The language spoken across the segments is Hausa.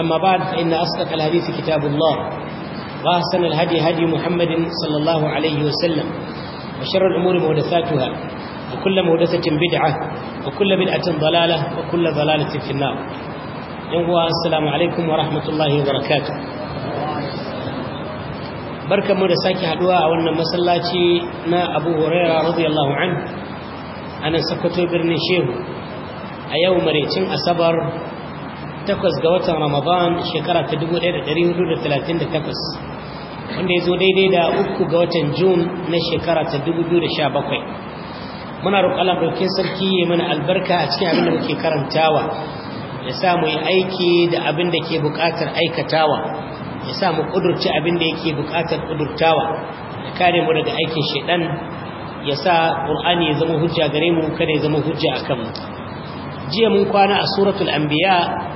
أما بعد فإن أصدق الحديث كتاب الله وأحسن الهدي هدي محمد صلى الله عليه وسلم وشر الأمور محدثاتها وكل محدثة بدعة وكل بدعة ضلالة وكل ضلالة في النار ينقوى السلام عليكم ورحمة الله وبركاته بركة مدساكي حدوها أولنا مسلاتي نا أبو هريرة رضي الله عنه أنا سكتو برني شيهو a yau maraicin asabar takwas ga watan ramadan shekara ta 1438 wanda ya zo daidai da uku ga watan jun na shekara ta 2017 muna roƙalar ɗaukin sarki ya mana albarka a cikin abin da muke karantawa ya sa mu yi aiki da abin da ke buƙatar aikatawa ya sa mu ƙudurci abin da yake buƙatar ƙudurtawa ya kare mu daga aikin shaidan ya sa ƙur'ani ya zama hujja gare mu kada ya zama hujja a kanmu jiya mun kwana a suratul anbiya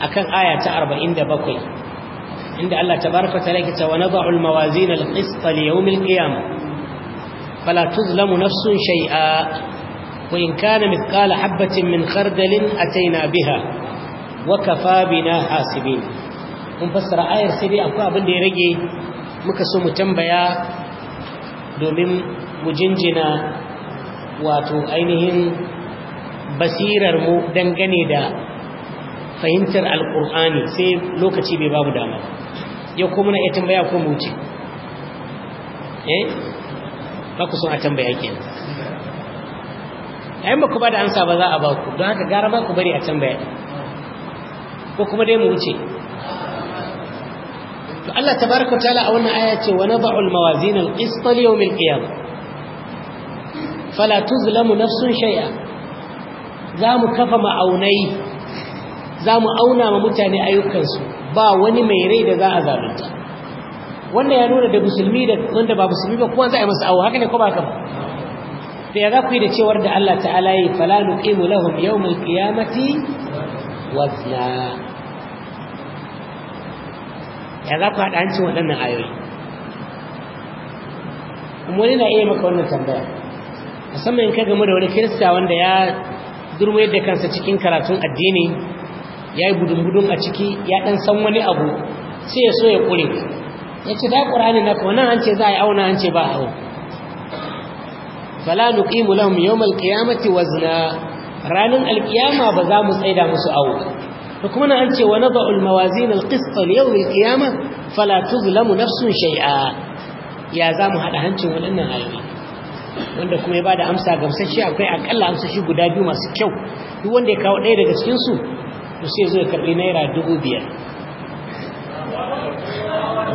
akan aya ta 47 inda Allah tabaraka ta'ala yake cewa nad'u al-mawazin al-qist li yawm al-qiyamah fala tuzlamu nafsun shay'a wa in kana mithqala habatin min khardalin ataina biha wa kafa bina hasibin Mun fassara ayar sai dai akwai abin da ya rage muka so mu tambaya domin mu jinjina wato ainihin basirar mu dangane da fahimtar alkur'ani sai lokaci bai babu dama yau kuma na iya tambaya ko mu wuce eh ba ku son a tambaya ke yayin ba ku ba da ansa ba za a ba ku don haka gara ba ku bari a tambaya ko kuma dai mu wuce to Allah tabaraka wa ta'ala a wannan aya ce wa nad'u al-mawazin al-qist li yawm al qiyam fala tuzlamu nafsun shay'a za mu kafa ma'aunai za mu auna ma mutane ayyukansu ba wani mai rai da za a zabinta. wanda ya nuna da musulmi da wanda ba musulmi ba kuma za a yi masa awo haka ne ko ba kama da ya za ku yi da cewar da Allah ta'ala yi fala nuqimu lahum mai qiyamati wazna ya za ku haɗa hancin waɗannan ayoyi kuma wani na iya maka wannan tambaya musamman in ka game da wani kirista wanda ya durmayar da kansa cikin karatun addini ya yi gudun-gudun a ciki ya ɗan san wani abu sai ya so ya ƙure ya ce da ƙurani na kawo an ce za a yi auna an ce ba a hau falalu ƙimu lahum yawm alqiyamati wazna Ranar alƙiyama ba za mu tsaida musu awo Da kuma nan an ce wa na almawazin yau yawm alqiyama fala na nafsun shai'a. ya za mu haɗa hancin waɗannan ayoyi wanda kuma ya ba da amsa gamsashi akwai akalla amsashi guda biyu masu kyau duk wanda ya kawo ɗaya daga cikinsu. to sai zo karbi naira dubu biyar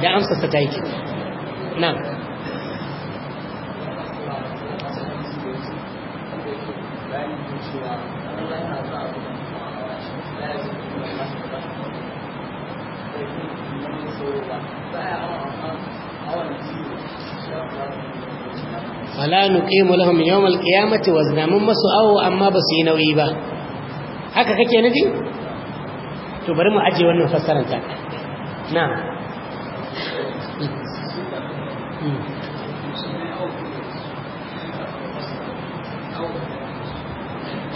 da amsa ta yi nan fala nuqimu lahum yawm al-qiyamati wazna mun masu awo amma basu yi nauyi ba haka kake naji to bari mu ajiye wannan fassarar ta na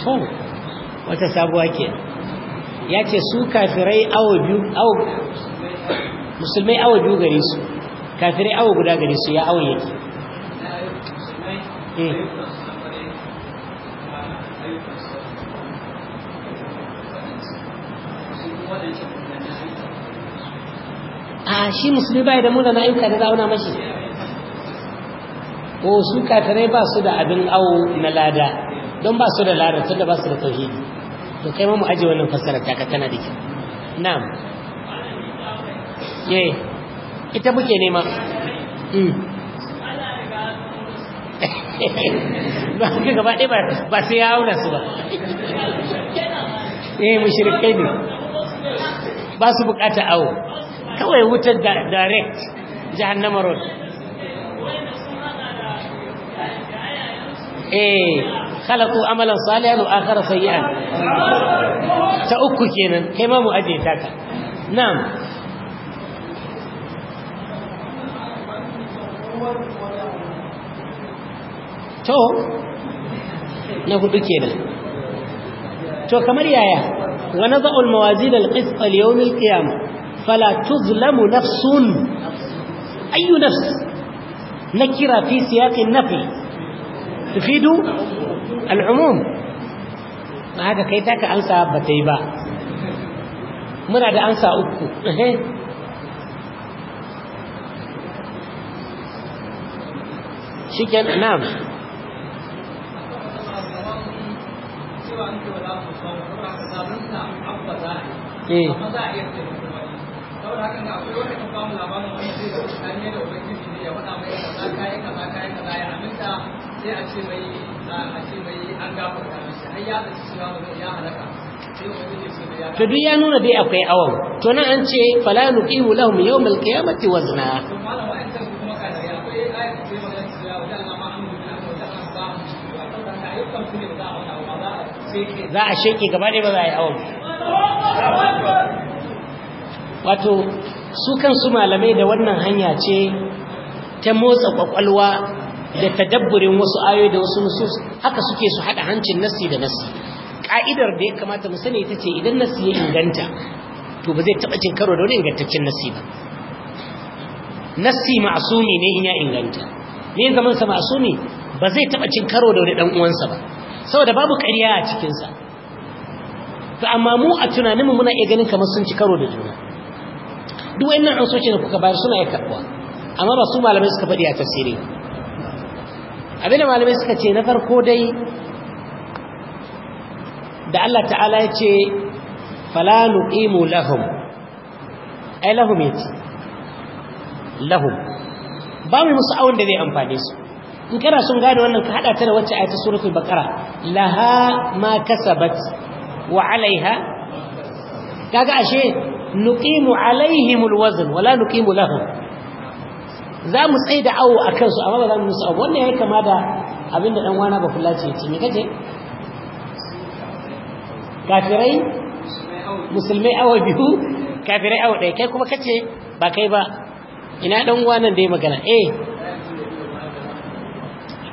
to wata sabuwa ke ya ce su kafirai awo biyu awo musulmai awo biyu gare su kafirai awo guda gare su ya awon yake eh. a shi musulmi bai da muna ayyuka da zauna mashi ko su kafirai ba su da abin awo na lada don ba su da lada tunda ba su da tauhidi to kai ma mu aje wannan fassara ta tana da ke. na'am ye ita muke nema mm ba ka gaba ɗaya ba ba sai ya auna su ba eh mushrikai ne ba su bukata awo kawai wutar direct jahannama road eh khalaqu amalan salihan wa akhara sayyi'an ta uku kenan kai ma mu aje ta ka na'am to na hudu kenan to kamar yaya wa nada'u al-mawazin al-qist al-yawm al-qiyamah fala tuzlamu nafsun ayu nafs nakira fi siyaqin nafi tufidu al'umum ba haka kai taka ansa ba ta yi ba muna da ansa uku to duk ya nuna dai akwai awon to nan an ce fala nuqimu lahum yawmal qiyamati wazna za a sheke gaba ne ba za a yi awon wato su kansu malamai da wannan hanya ce ta motsa kwakwalwa da tadabburin wasu ayoyi da wasu nusus haka suke su haɗa hancin nasi da nasi. ka'idar da ya kamata mu sani ita ce idan nasi ya inganta to ba zai taɓa cin karo da wani ingantaccen nasi ba Nasi ma'asumi ne in ya inganta ne zaman sa ma'asumi ba zai taɓa cin karo da wani ɗan uwansa ba saboda babu ƙarya a cikinsa to amma mu a tunaninmu muna iya ganin kamar sun ci karo da juna duk wannan ansoshin da kuka bayar suna ya karbuwa amma ba su malamai suka faɗi a tasiri. abin da malamai suka ce na farko dai da Allah ta'ala ya ce Falalu imu lahum ai lahum ce lahum ba mu musu awon da zai amfani su in kana sun gane wannan ka hada ta da wacce ayata suratul bakara laha ma kasabat wa alaiha kaga ashe nuqimu alaihimul wazn wala nuqimu lahum za mu tsaye da awo a kansu amma ba za mu musu abu wannan ya yi kama da abin da ɗan wana ba kula ce ce ne kace kafirai musulmai awa biyu kafirai awa ɗaya kai kuma kace ba kai ba ina ɗan wanan da ya magana eh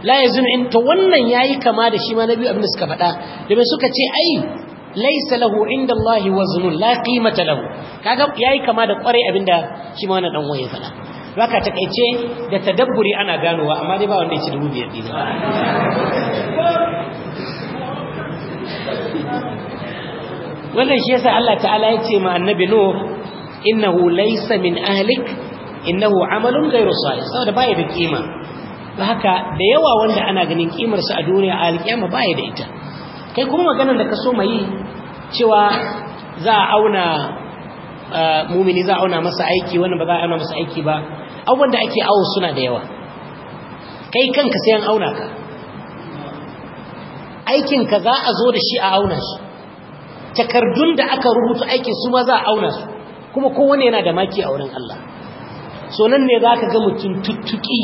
la ya in to wannan ya yi kama da shi ma na biyu abin da suka faɗa domin suka ce ai Laisa lahu inda Allah waznun la qimata lahu kaga yayi kama da kware abinda shi ma wannan dan waye fada haka takeice da tadabburi ana ganowa amma dai ba wanda yake dubu biyar din wannan shi yasa Allah ta'ala ya ce ma annabi nuh innahu laisa min ahlik innahu amalun ghayru salih saboda baya da kima haka da yawa wanda ana ganin kimar sa a duniya a alkiyama baya da ita kai kuma maganar da ka so mai cewa za a auna mumini za a auna masa aiki wannan ba za a auna masa aiki ba abubuwan da ake awo suna da yawa kai kanka sai an auna ka aikinka za a zo da shi a auna shi takardun da aka rubuta aikin su ma za a auna su kuma kowane yana da maki a wurin Allah so nan ne za ka ga mutum tuttuki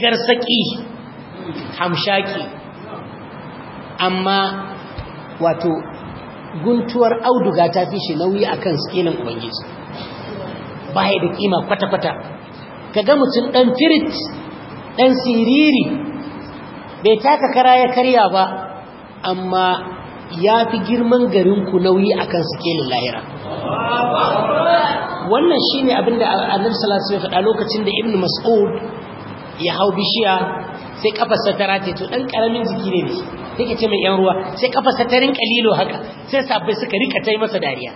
garsaki hamshaki amma wato guntuwar auduga ta fi shi nauyi akan skinin ubangiji ba ya da kima kwata-kwata Ka ga mutum ɗan firit ɗan siriri bai taka kara ya karya ba amma ya fi girman garinku nauyi a akan skinin lahira wannan shi ne abinda annabi sallallahu ya ya faɗa lokacin da Ibn mas'ud ya hau bishiya sai kafarsa ta rataye to ɗan karamin jiki ne shi take ce mai yan ruwa sai kafarsa ta rinka lilo haka sai sabai suka rika yi masa dariya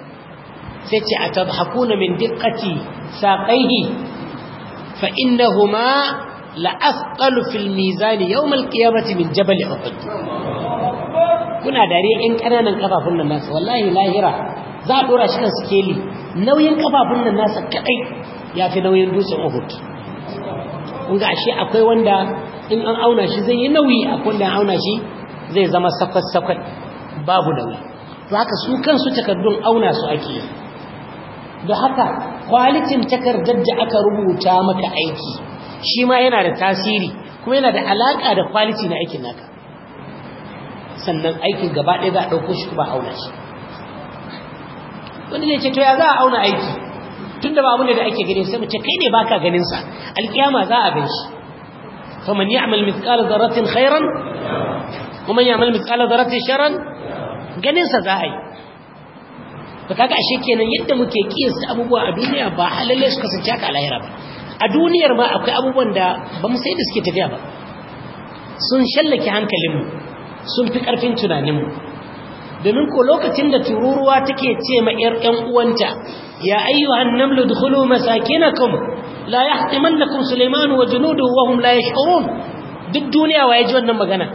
sai ce atabhakuna min diqqati saqaihi fa innahuma la asqalu fil mizan yawm al qiyamati min a uhud kuna dariya yan kananan kafafun nan nasu wallahi lahira za a ɗora shi kan sikeli nauyin kafafun nan nasa ya yafi nauyin dutsen uhud kun ga ashe akwai wanda in an auna shi zai yi nauyi a kullum auna shi zai zama sakwat-sakwat babu nauyi to haka su kansu takardun auna su ake da haka kwalitin takardar da aka rubuta maka aiki shi ma yana da tasiri kuma yana da alaka da kwaliti na aikin naka sannan aikin gaba ɗaya za a ɗauko shi kuma auna shi wanda ne ce to ya za a auna aiki tun da babu ne da ake gani sai mace kai ne baka ganin sa alƙiyama za a gan shi faman ya'mal mithqala dharratin khairan kuma ya'mal mithqala dharratin sharran ganin sa za a yi ba kaga ashe kenan yadda muke su abubuwa a duniya ba halalle su kasance haka a ba a duniyar ma akwai abubuwan da ba mu sai da suke tafiya ba sun shallake hankalinmu sun fi ƙarfin tunaninmu domin ko lokacin da tururuwa take ce ma 'yar 'yan uwanta ya ayyuhan namlu dukhulu masakinakum la yahtimannakum sulaiman wa junuduhu wa hum la yash'urun duk duniya waye ji wannan magana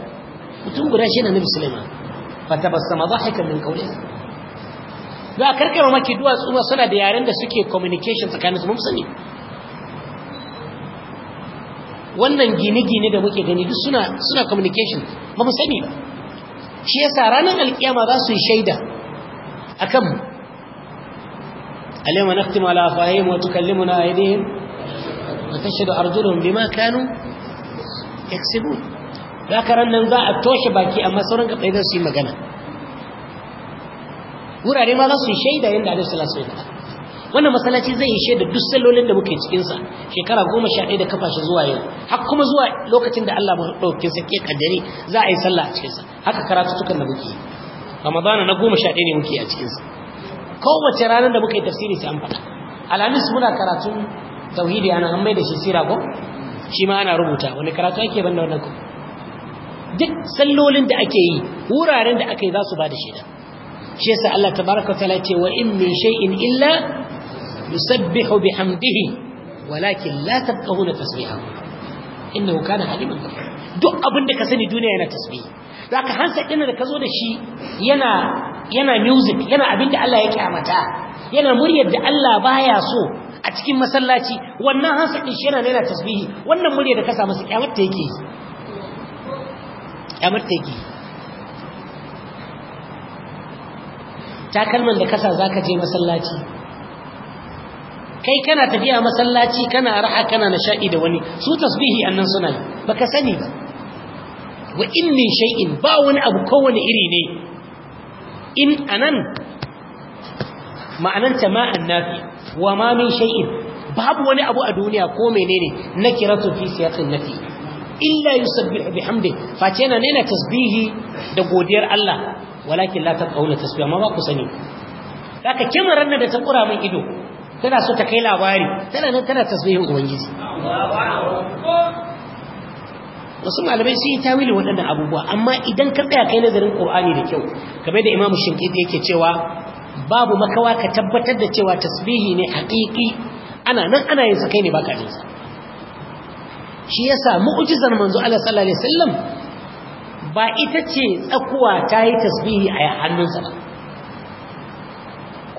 mutum guda shi ne nabi sulaiman tabassama dhahikan min qawlihi za karkar maki duwa tsuma suna da yaren da suke communication tsakanin su mun sani wannan gine-gine da muke gani duk suna suna communication ba mu sani ba shi yasa ranar alkiyama za su yi shaida akan mu alayma naqtimu ala afahim wa tukallimuna aydihim وتشهد أرجلهم بما كانوا يكسبون ذكر أن ذا التوشة باكي أما سورن قبل إذا سيما قنا ورا رما شيدا يند عليه الصلاة والسلام wannan masallaci zai ishe da duk sallolin da muke cikin sa shekara 11 da kafa shi zuwa yau har kuma zuwa lokacin da Allah mu dauke ke za a yi sallah a cikin sa haka karatu tukan da muke Ramadana na 11 ne muke a cikin sa kowace ranar da muke tafsiri sai an muna karatun tauhidi ana an da shi sira ko shi ma ana rubuta wani karatu ake banda wannan ko duk sallolin da ake yi wuraren da ake yi za su ba da shaida shi yasa Allah tabaraka taala ce wa in min shay'in illa yusabbihu bihamdihi walakin la tabqahuna tasbihahu innahu kana aliman duk abin da ka sani duniya yana tasbihi zaka hansa din da ka zo da shi yana yana music yana abin da Allah ya kyamata yana muryar da Allah baya so a cikin masallaci wannan hansa din shi yana tasbihi wannan murya da ka samu su kyamar yake kyamar yake takalman da kasa zaka je masallaci kai kana tafiya masallaci kana raha kana nashai da wani su tasbihi annan suna yi baka sani ba wa in min shay'in ba wani abu kowane iri ne in anan ma'ananta ma annafi wa ma min shay'in babu wani abu a duniya ko menene na kiratu fi siyaqin nafi illa yusabbihu bihamdi face yana nena tasbihi da godiyar Allah walakin la taqawla tasbih amma ba ku sani haka kimaran da ta kura min ido tana so ta kai labari tana nan tana tasbihin ubangiji wasu malamai sun yi tawili waɗannan abubuwa amma idan ka tsaya kai nazarin ƙur'ani da kyau game da imamu shinkiti yake cewa babu makawa ka tabbatar da cewa tasbihi ne haƙiƙi ana nan ana yin sa kai ne baka jin sa shi yasa mu'jizar manzo Allah sallallahu alaihi wasallam ba ita ce tsakuwa ta yi tasbihi a hannunsa ba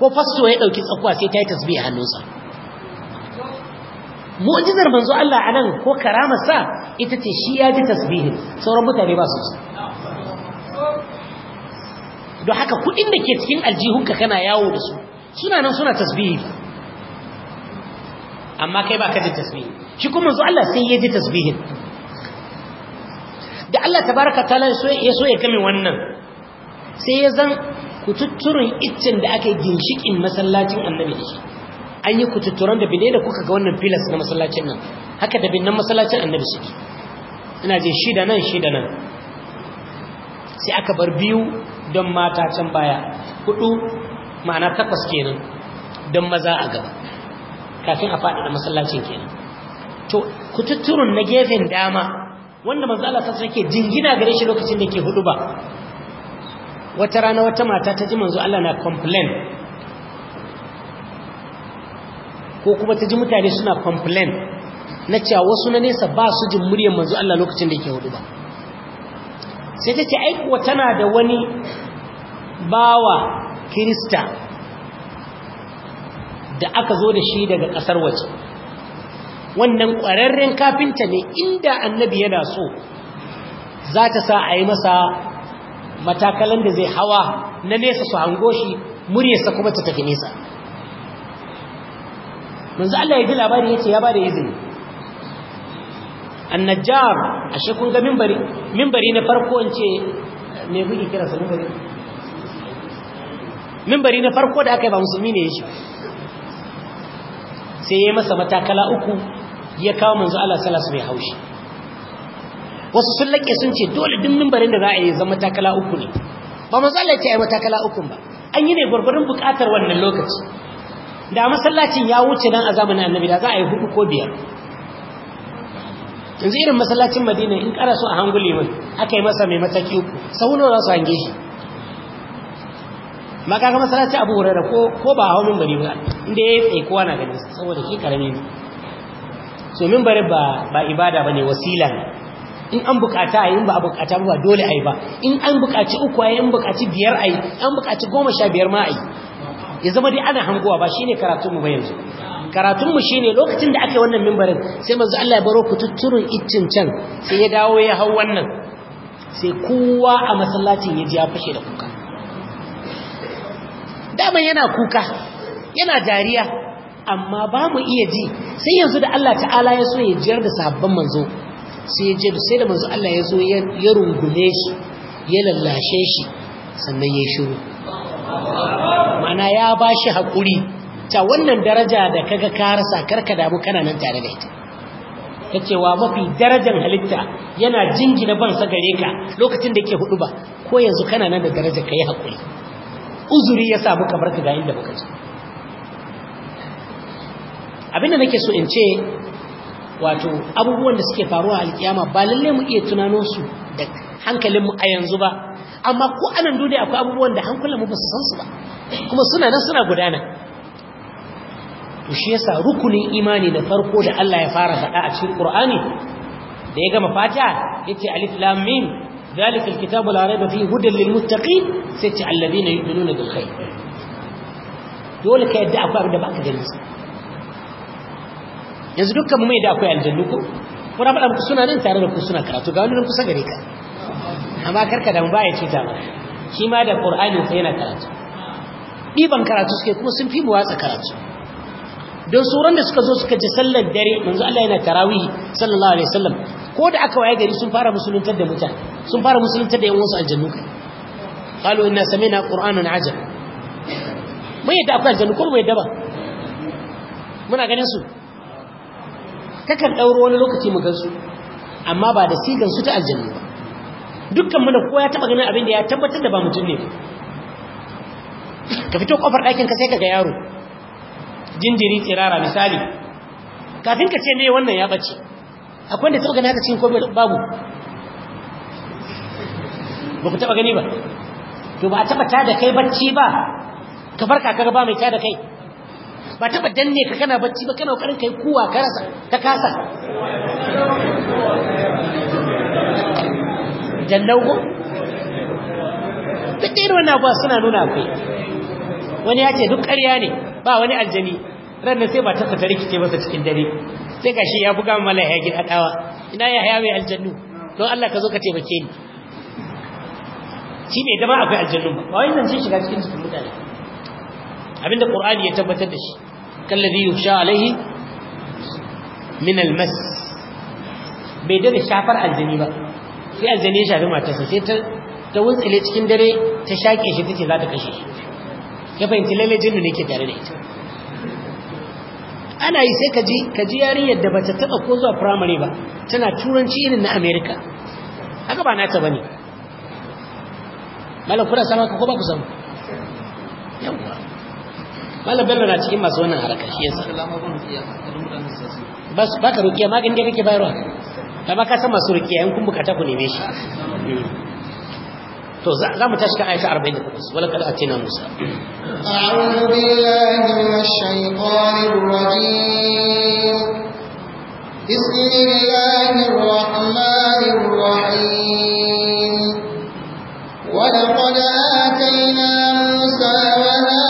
ko fasto ya dauki tsakuwa sai ta yi tasbihi a hannunsa mu'jizar manzo Allah anan ko karamar sa ita ce shi ya ji tasbihin sauran mutane ba su don haka kudin da ke cikin aljihunka kana yawo da su suna nan suna tasbihi amma kai ba ka ji tasbihi shi kuma manzo Allah sai ya ji tasbihin da Allah tabaraka taala ya so ya kame wannan sai ya zan kututturin iccin da aka yi ginshikin masallacin annabi da shi an yi kututturan da bine da kuka ga wannan filas na masallacin nan haka da binnan masallacin annabi suke ina je da nan shi da nan sai aka bar biyu don mata can baya hudu ma'ana takwas kenan don maza a gaba kafin a faɗi da masallacin kenan to kututturun na gefen dama wanda manzo Allah sassa jingina gare shi lokacin da ke hudu ba wata rana wata mata ta ji manzo Allah na complain ko kuma ta ji mutane suna complain na cewa wasu na nesa ba su jin muryar manzo Allah lokacin da ke hudu ba sai ta ce aikuwa tana da wani bawa kirista da aka zo da shi daga ƙasar waje wannan ƙwararren kafinta ne inda annabi yana so za ta sa a yi masa matakalan da zai hawa na nesa su hango shi muryarsa kuma ta tafi nesa manzu Allah ya ji labari ya ce ya ba da izini annajjar ashe kun ga minbari minbari na farko in ce me kuke kira sa minbari minbari na farko da aka yi ba musulmi ne shi sai ya yi masa matakala uku ya kawo manzo Allah su mai haushi wasu sun laƙe sun ce dole duk mimbarin da za a yi zama matakala uku ne ba manzo Allah ya ce a yi matakala uku ba an yi ne gwargwarin buƙatar wannan lokaci da masallacin ya wuce nan a zamanin annabi da za a yi hudu ko biyar yanzu irin masallacin madina in kara su a hangule mai aka yi masa mai mataki uku sauna nawa su hange shi makaka masallacin abu hurara ko ko ba hau mimbari ba inda ya tsaye kowa na ganin saboda shi karami ne so mimbari ba ba ne wasila ne in an bukata yi in ba a bukata ba dole a yi ba in an bukaci uku ayi in bukaci biyar ayi an bukaci goma sha biyar ma ayi ya zama dai ana hangowa ba shine karatunmu ba yanzu karatunmu shi ne lokacin da ake wannan mimbarin sai mazu Allah ya baro kututturin iccin can sai ya dawo ya hau wannan sai kowa a masallacin ya ji ya fashe da kuka daman yana kuka yana dariya amma ba mu iya ji sai yanzu da Allah ta'ala ya so ya jiyar da sahabban manzo sai ya jiyar sai da manzo Allah ya so ya rungume shi ya lallashe shi sannan ya shiru mana ya ba shi haƙuri ta wannan daraja da kaga ka rasa karka damu kana nan tare da ita ta cewa mafi darajar halitta yana jingina sa gare ka lokacin da ke hudu ba ko yanzu kana nan da daraja ka yi haƙuri uzuri ya samu kamar ka ga inda muka ji abinda nake so in ce wato abubuwan da suke faruwa a alkiyama ba lalle mu iya tunano su da hankalinmu a yanzu ba amma ko anan duniya akwai abubuwan da mu ba su san su ba kuma suna nan suna gudana to shi yasa rukunin imani da farko da Allah ya fara faɗa a cikin Qur'ani da ya gama fata yace alif lam mim zalikal kitabu la rayba fihi hudan lil muttaqin sai ce alladhina yu'minuna bil khair dole ka yadda akwai abin da baka gani yanzu dukkan mu mai da akwai aljannu ko ko na faɗa muku suna nan tare da ku suna karatu ga wani nan kusa gare ka amma karka da mu ba ya ce ta ba shi ma da Qur'ani sai yana karatu Diban karatu suke kuma sun fi mu watsa karatu don sauran da suka zo suka ji sallar dare manzo Allah yana ta'rawi, sallallahu alaihi wasallam ko da aka waye gari sun fara musuluntar da mutane sun fara musuluntar da yan wasu aljannu qalu inna sami'na qur'anan ajab mai yadda akwai aljannu ko mai daba muna ganin su kakan dauro wani lokaci mu gan su amma ba da sigan su ta aljannu ba dukkan mu da kowa ya taba ganin abin da ya tabbatar da ba mutum ne ka fito kofar ɗakin ka sai ka ga yaro jinjiri tsirara misali kafin ka ce me wannan ya bace akwai da taba gani haka cikin komai babu ba ku taba gani ba to ba a taba ta da kai bacci ba ka farka ka ba mai ta da kai ba taba danne ka kana bacci ba kana kokarin kai kuwa ka rasa ta kasa jannau ko duk irin suna nuna akwai wani ya ce duk ƙarya ne ba wani aljani ranar sai ba tasa ta rikice masa cikin dare sai gashi ya buga min mala ya gida dawa ina ya haya mai aljannu don Allah ka zo ka taimake ni shi bai dama akwai aljannu ba wai nan shi shiga cikin cikin mutane abinda qur'ani ya tabbatar da shi kallazi yusha alaihi min almas bai da shafar aljani ba sai aljani ya shafi matarsa sai ta ta wuntsile cikin dare ta shaƙe shi tace za ta kashe shi ya fahimci lalle jinnu ne ke tare da ita ana yi sai kaji kaji yarinyar da bata taba ko zuwa primary ba tana turanci irin na America haka ba nata bane Mallam kuna sama ko ba ku samu yawa Mallam bello na cikin masu wannan haraka shi yasa bas baka rukiya magani da kake bayarwa Kama ka san masu rukiya in kun bukata ku neme shi to za mu tashi kan ayata 48 wala kada atina musa a'udhu billahi minash shaitanir rajim bismillahir rahmanir rahim wa laqad atayna musa wa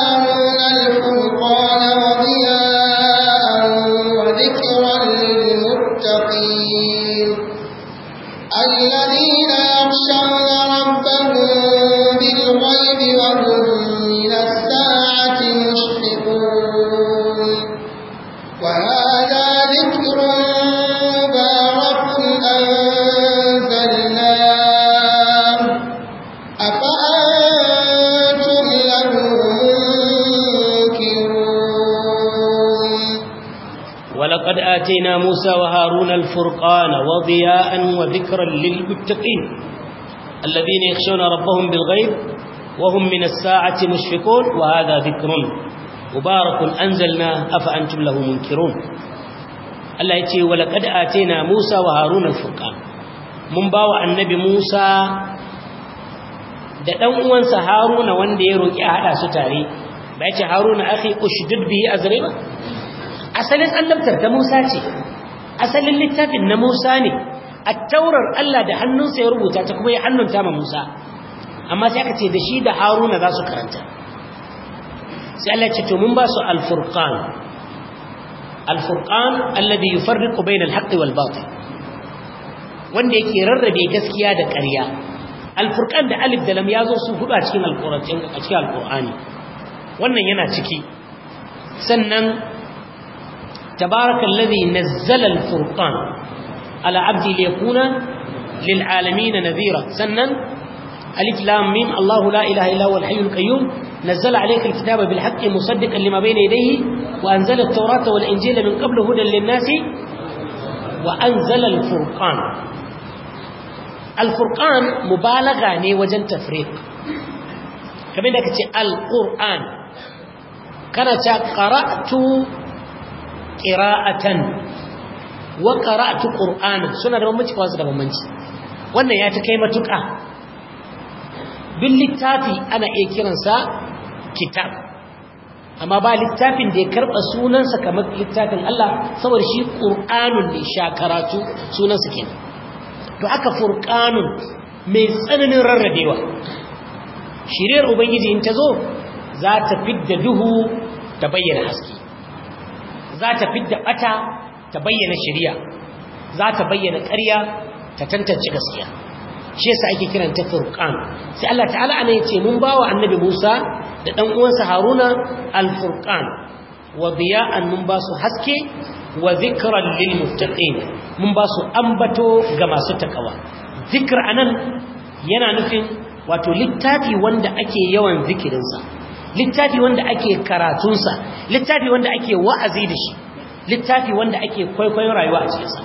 لقد آتينا موسى وهارون الفرقان وضياء وذكرا للمتقين الذين يخشون ربهم بالغيب وهم من الساعة مشفقون وهذا ذكر مبارك أنزلناه أفأنتم له منكرون الله يتي ولقد آتينا موسى وهارون الفرقان من باوع النبي موسى da dan uwansa Haruna wanda ya roki a hada su tare ba yace Haruna akhi ushdid bihi azri ba asalin annabtar ta Musa ce asalin littafin na Musa ne a taurar Allah da hannunsa ya rubuta ta kuma ya hannunta ma Musa amma sai aka ce da shi da Haruna za su karanta sai Allah ce to mun ba su al-furqan al-furqan alladhi yufarriqu bayna al-haqqi wal-batil wanda yake rarrabe gaskiya da ƙarya al-furqan da alif da lam yazo su hudu a cikin al-qur'ani a cikin wannan yana ciki sannan تبارك الذي نزل الفرقان على عبده ليكون للعالمين نذيرا سنا ألف لام ميم الله لا إله إلا هو الحي القيوم نزل عليك الكتاب بالحق مصدقا لما بين يديه وأنزل التوراة والإنجيل من قبل هدى للناس وأنزل الفرقان الفرقان مبالغة ني وجن تفريق كما انك القرآن كانت قرأت qira'atan wa qara'tu qur'ana suna da bambanci kwasu da bambanci wannan ya ta kai matuka bin littafi ana iya kiransa kitab amma ba littafin da ya karɓa sunansa kamar littafin Allah saboda shi qur'anun ne shakaratu sunansa kenan to aka furqanun mai tsananin rarrabewa shiriyar ubangiji in ta zo za ta fidda duhu ta bayyana haske za ta fidda bata ta bayyana shari'a za ta bayyana ƙarya ta tantance gaskiya shi yasa ake kiran ta furqan sai Allah ta'ala ana yace mun bawa annabi Musa da dan uwansa Haruna al-furqan wa diya'an mun ba su haske wa zikran lil muttaqin mun ba su ambato ga masu takawa zikr anan yana nufin wato littafi wanda ake yawan zikirinsa littafi wanda ake karatunsa littafi wanda ake wa'azi da shi littafi wanda ake kwaikwayon rayuwa a cikinsa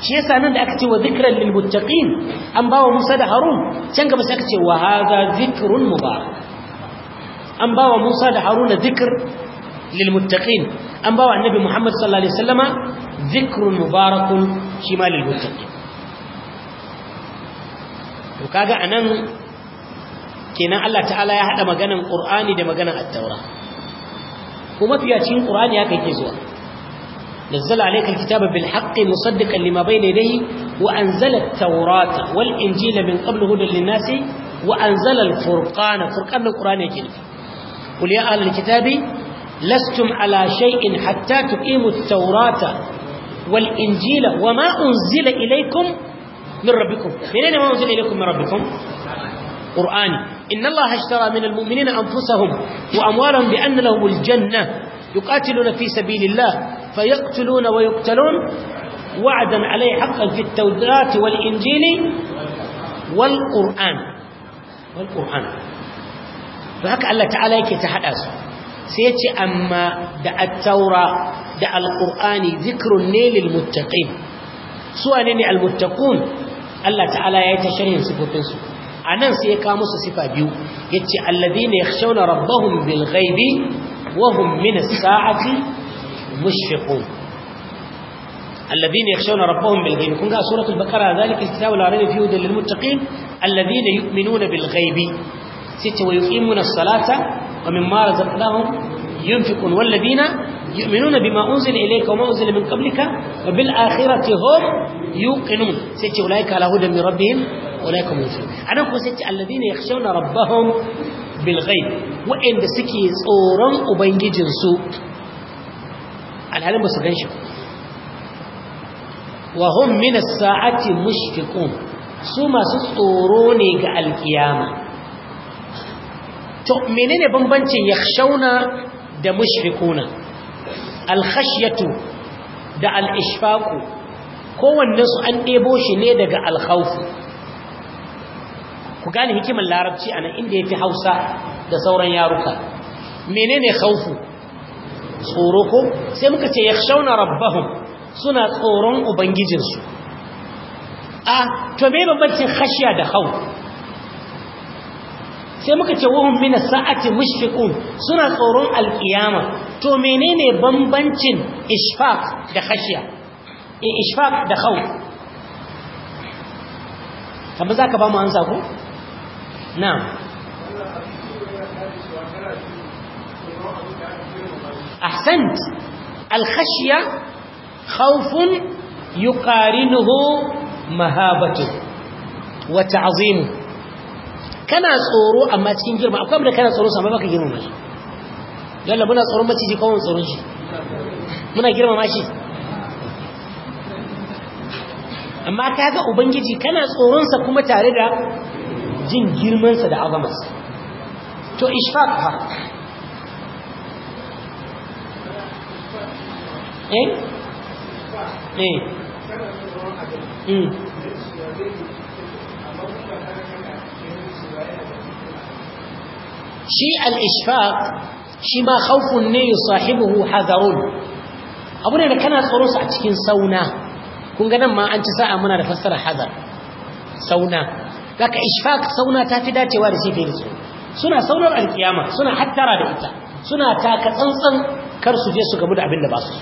shi yasa nan da aka ce wa zikran lil muttaqin an bawa Musa da Harun can gaba sai aka ce wa hadha zikrun mubarak an bawa Musa da Harun zikr lil muttaqin an bawa annabi Muhammad sallallahu alaihi wasallama zikrun mubarakun shi ma lil muttaqin to kaga anan kenan Allah ta'ala ya hada maganan Qur'ani da maganan At-Taura kuma fiyacin Qur'ani haka yake zuwa nazzala alayka al-kitaba bil haqqi musaddiqan lima bayna yadayhi wa anzala at-taurata wal injila min qablu hudan lin-nasi wa anzala al-furqana furqan al-Qur'ani yake nufi qul ya ahlal kitabi lastum ala shay'in hatta tuqimu at-taurata wal injila wa ma unzila ilaykum min rabbikum menene ma unzila ilaykum min rabbikum qur'ani إن الله اشترى من المؤمنين أنفسهم وأموالهم بأن لهم الجنة يقاتلون في سبيل الله فيقتلون ويقتلون وعدا عليه حقا في التوراة والإنجيل والقرآن والقرآن فهك الله تعالى يتحدث سيتي سيأتي أما دع التوراة دع القرآن ذكر النيل المتقين سواء المتقون الله تعالى يتشرين سبوتنسو a nan sai ya kawo musu sifa biyu ya ce allazi ne ya shauna rabbahun bilgaibi wahun min sa'ati mushfiqun الذين يخشون ربهم بالغيب كن قال سورة البقرة ذلك الكتاب لا ريب فيه هدى للمتقين الذين يؤمنون بالغيب ستة ويقيمون الصلاة ومما رزقناهم ينفقون والذين يؤمنون بما أنزل إليك وما أنزل من قبلك وبالآخرة هم يوقنون سيتي أولئك على هدى من ربهم أولئك هم المفلحون أنا أقول سيتي الذين يخشون ربهم بالغيب وإن سكي صورا أبنجي جنسو العالم بس غنشك وهم من الساعة مشفقون سوما سطوروني كالكيامة تؤمنين بمبنتي يخشون دمشفقون mushrikuna alkhashyatu da al'ishfaku kowanne su an ɗebo shi ne daga alkhawf ku gane hikimar larabci anan inda ya fi hausa da sauran yaruka menene khawfu? tsoro ko sai muka ce yakhshawna shauna suna tsoron ubangijinsu a to me cin khashya da khawf sai muka ce wahum min sa'ati mushfiqun suna tsoron alkiyama to menene bambancin ishfaq da khashiya in eh, ishfaq da khawf kamar zaka ba mu ansa ko na'am ahsant alkhashiya khawfun yuqarinuhu mahabatu wa ta'zimuhu kana tsoro amma cikin girma akwai abinda kana tsoro sama baka girma mashi yalla muna tsoron maciji ko tsoron shi muna girma mashi amma ka ga ubangiji kana tsoronsa kuma tare da jin girmansa da azamarsa to ishfaq ha eh eh hmm. shi al shi ma khawfun ne yusahibuhu hadarun abu ne da kana tsoro su a cikin sauna kun ga nan ma an ci sa'a muna da fassara hadar sauna zaka ishfaq sauna ta fi dacewa da sifiri su suna saunar alkiyama suna hattara da ita suna taka tsantsan kar su je su gabu da abin da ba su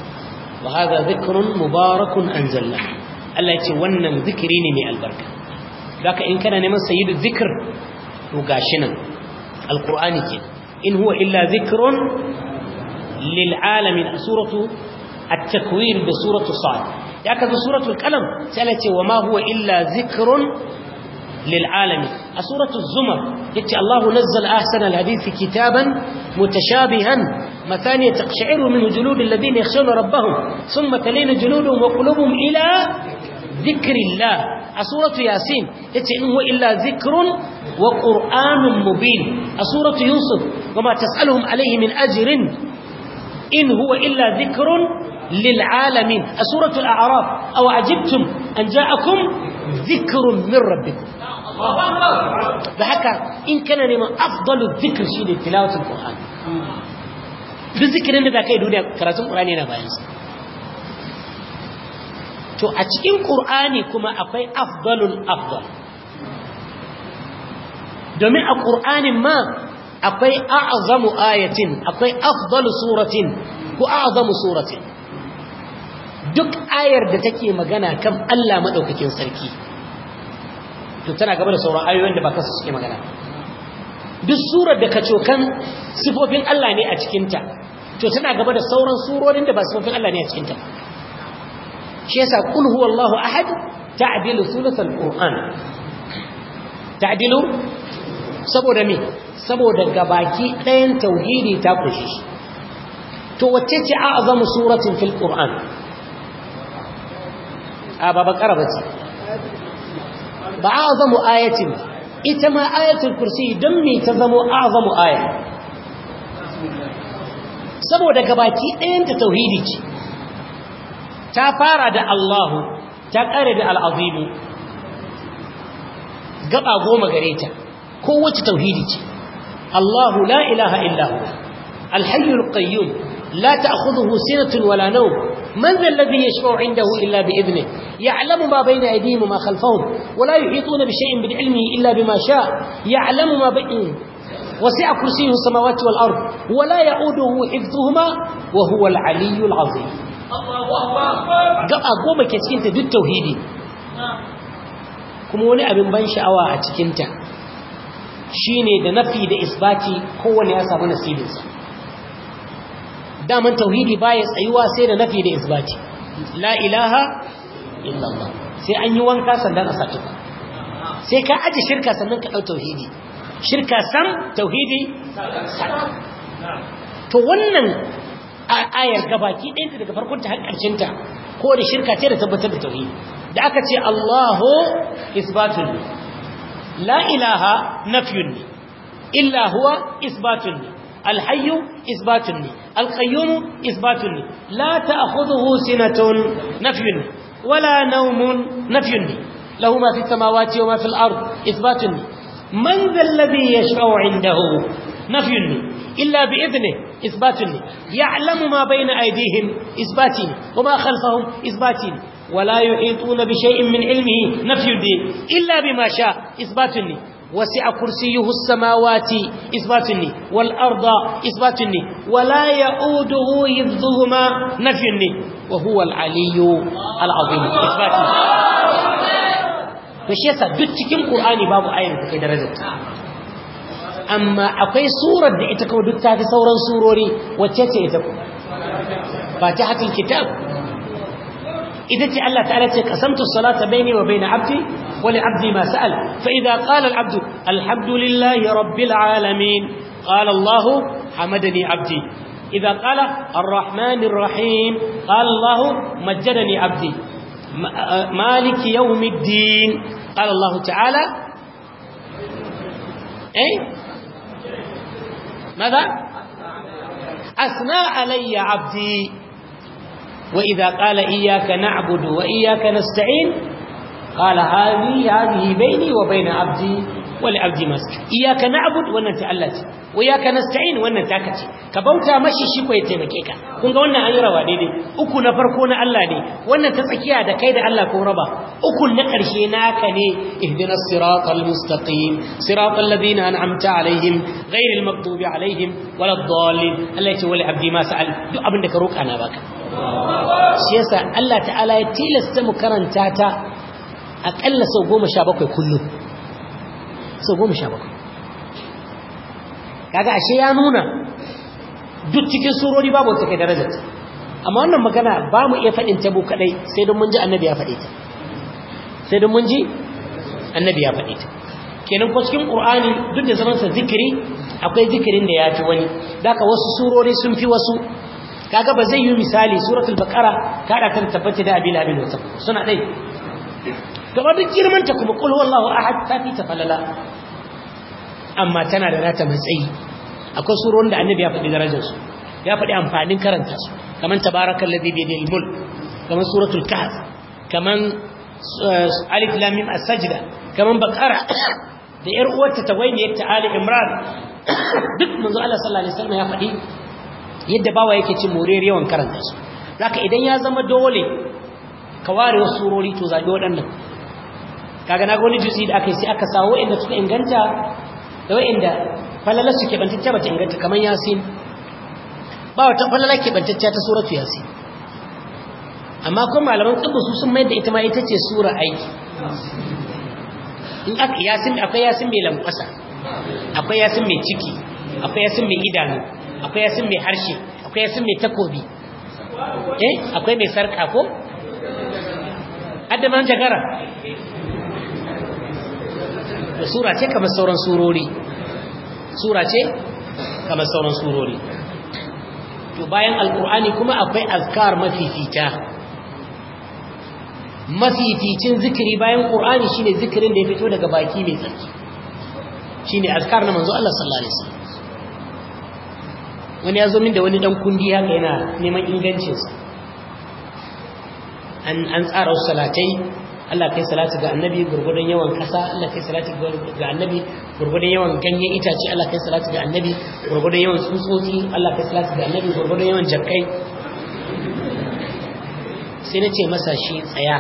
wa hadha dhikrun mubarakun anzalna Allah ya ce wannan zikiri ne mai albarka zaka in kana neman sayyidu zikir to gashi nan القرآن ل إن هو إلا ذكر للعالم سورة التكوين بسورة ص و ر ة صاد ي ك ذ ا س وما هو إلا ذكر للعالم سورة الزمر يتي الله نزل أحسن الحديث كتابا متشابها مثانيه تقشعر من جلود الذين يخشون ربهم ثم تلين جلودهم وقلوبهم إلى ذكر الله سورة ياسين إن هو إلا ذكر وقرآن مبين سورة يوسف وما تسألهم عليه من أجر إن هو إلا ذكر للعالمين سورة الأعراف أو أعجبتم أن جاءكم ذكر من ربكم بحكا إن كان لما أفضل الذكر شيء لتلاوة القرآن بذكر النبي كي دوني كراتم قرآنين بأيانسان to a cikin ƙur'ani kuma akwai afdalul afdal domin a ƙur'anin ma akwai a'azamu ayatin akwai afdalu suratin ko a'azamu suratin duk ayar da take magana kan Allah madaukakin sarki to tana gaba da sauran ayoyin da ba kasu suke magana duk surar da kan sifofin Allah ne a cikinta to tana gaba da sauran surorin da ba sifofin Allah ne a cikinta ba shi yasa qul huwallahu ahad ta'dilu thuluthal qur'an ta'dilu saboda me saboda gabaki ɗayan tauhidi ta kushi to wacce ce a'zamu suratin fil qur'an a ba bakara bace ba a'zamu ayatin ita ma ayatul kursi don me ta zamo a'zamu aya saboda gabaki ɗayan ta tauhidi ce ta fara da Allahu ta kare da al'azimu gaba goma gare ta wacce tauhidi ce Allahu la ilaha illa alhayyul al-hayyul qayyum la ta'khudhuhu sinatun wala nawm man dha alladhi yashfa'u 'indahu illa bi idhnihi ya'lamu ma bayna aydihim wa ma khalfahum wa la yuhituna bi shay'in min 'ilmihi illa bima sha'a ya'lamu ma bayna وسع كرسيه السماوات والأرض ولا wa huwa وهو العلي العظيم gaba goma ke cikinta duk tauhidi kuma wani abin ban sha'awa a cikinta ne da nafi da isbati kowane ya samu nasibinsa daman tauhidi baya tsayuwa sai da nafi da isbati la ilaha illallah sai an yi wanka sandan a satuka sai ka aji shirka sannan ka ɗau tauhidi shirka sam tauhidi to wannan ayar gabaki ɗayanta daga farkonta har ta ko da shirka ce da tabbatar da tauhidi da aka ce Allahu isbatun la ilaha nafyun ne illa huwa isbatun ne الحي إثبات القيوم إثبات لا تأخذه سنة نفي ولا نوم نفي له ما في السماوات وما في الأرض إثبات من ذا الذي عنده nafiyun ne illa bi idni isbatun ne ya'lamu ma bayna aydihim isbati ne wa ma khalfahum isbati ne wala yuhituna bi shay'in min ilmihi وسع كرسيه السماوات إثبات والأرض إثبات ولا يؤوده حفظهما نفي وهو العلي العظيم إثبات الني فشي يسا duk cikin Qur'ani babu ayar da amma akwai surar da ita kawai duk tafi sauran surori wacce ce ita ku fatihatul kitab ita ce Allah ta'ala ce qasamtu salata baini wa baina abdi wa li abdi ma sa'al fa idha qala al abdu alhamdulillahi rabbil alamin qala Allah hamadani abdi idha qala arrahmanir rahim qala Allah majjadani abdi uh, maliki yawmiddin qala Allah ta'ala eh ماذا أثنى علي عبدي وإذا قال إياك نعبد وإياك نستعين قال هذه هذه بيني وبين عبدي wa abdi masu mas iyyaka na'budu wannan ta Allah ce wa iyyaka nasta'in wannan ta kace ka bauta mashi shi ko ya taimake ka kun ga wannan an yi rawa daidai uku na farko na Allah ne wannan ta tsakiya da kai da Allah ko raba uku na karshe naka ne ihdinas siratal mustaqim siratal ladina an'amta alaihim ghairil maghdubi alaihim waladdallin Allah ya ce wali abdi masu sa'al duk abin da ka roka na baka shi yasa Allah ta'ala ya tilasta mu karanta ta aƙalla sau goma sha bakwai kullum so goma sha bakwai kaga ashe ya nuna duk cikin surori babu wata kai darajar ta amma wannan magana ba mu iya faɗin tabo kaɗai sai don mun ji annabi ya faɗe ta sai don mun ji annabi ya faɗe ta kenan ko cikin qur'ani duk da zaman sa zikiri akwai zikirin da yafi wani daka wasu surori sun fi wasu kaga ba zai yi misali suratul baqara kada kan tabbata da abin abin wasu suna dai gaba duk girman ta kuma kul wallahu ahad ta fi ta falala amma tana da rata matsayi akwai surorin da annabi ya faɗi darajarsu, ya faɗi amfanin karanta su kaman tabarakal ladhi bi yadihi mulk kaman suratul kahf kaman eh, alif lam mim as-sajda kaman baqara da yar uwarta tawayniyar ta ali imran duk manzo Allah sallallahu alaihi wasallam ya faɗi yadda bawa yake cin moriyar yawan karanta su zaka idan ya zama dole ka ware wasu surori to zabi waɗannan kaga na ga wani juzi da aka yi sai aka sawo inda suka inganta da wa'inda falala su bantacce ba ta inganta kamar yasin ba wata ke bantacce ta suratu yasin amma kuma malaman tsibbu su sun mayar da ita ma ita ce sura aiki in aka yasin akwai yasin mai lankwasa akwai yasin mai ciki akwai yasin mai idanu akwai yasin mai harshe akwai yasin mai takobi eh akwai mai sarka ko adda man jagara to sura ce kamar sauran surori sura ce kamar sauran surori to bayan alqur'ani kuma akwai azkar mafifita mafificin zikiri bayan qur'ani shine zikirin da ya fito daga baki mai tsarki shine azkar na manzo Allah sallallahu alaihi wasallam wani ya zo min da wani dan kundi haka yana neman an an tsara salatai Allah kai salatu ga annabi gurgudun yawan kasa Allah kai salatu ga annabi gurgudun yawan ganyen itace Allah kai salatu ga annabi gurgudun yawan tsutsotsi Allah kai salatu ga annabi gurgudun yawan jakkai sai na ce masa shi tsaya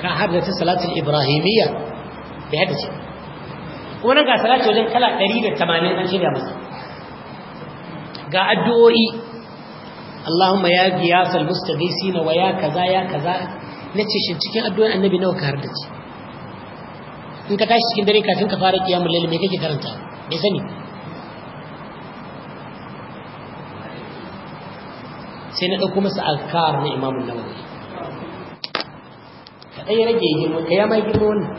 ka haɗa ta salatul ibrahimiyya da yadda ce kuma nan ga salati wajen kala 180 an shirya masa ga addu'o'i Allahumma ya giyasal mustaghithina wa ya kaza ya kaza na ce shin cikin addu'an annabi nawa ka harda ce in ka tashi cikin dare kafin ka fara kiyamul layl me kake karanta mai sani sai na ɗauko masa alkawar na nawa ne ka ɗaya rage girma ka ya mai girma wannan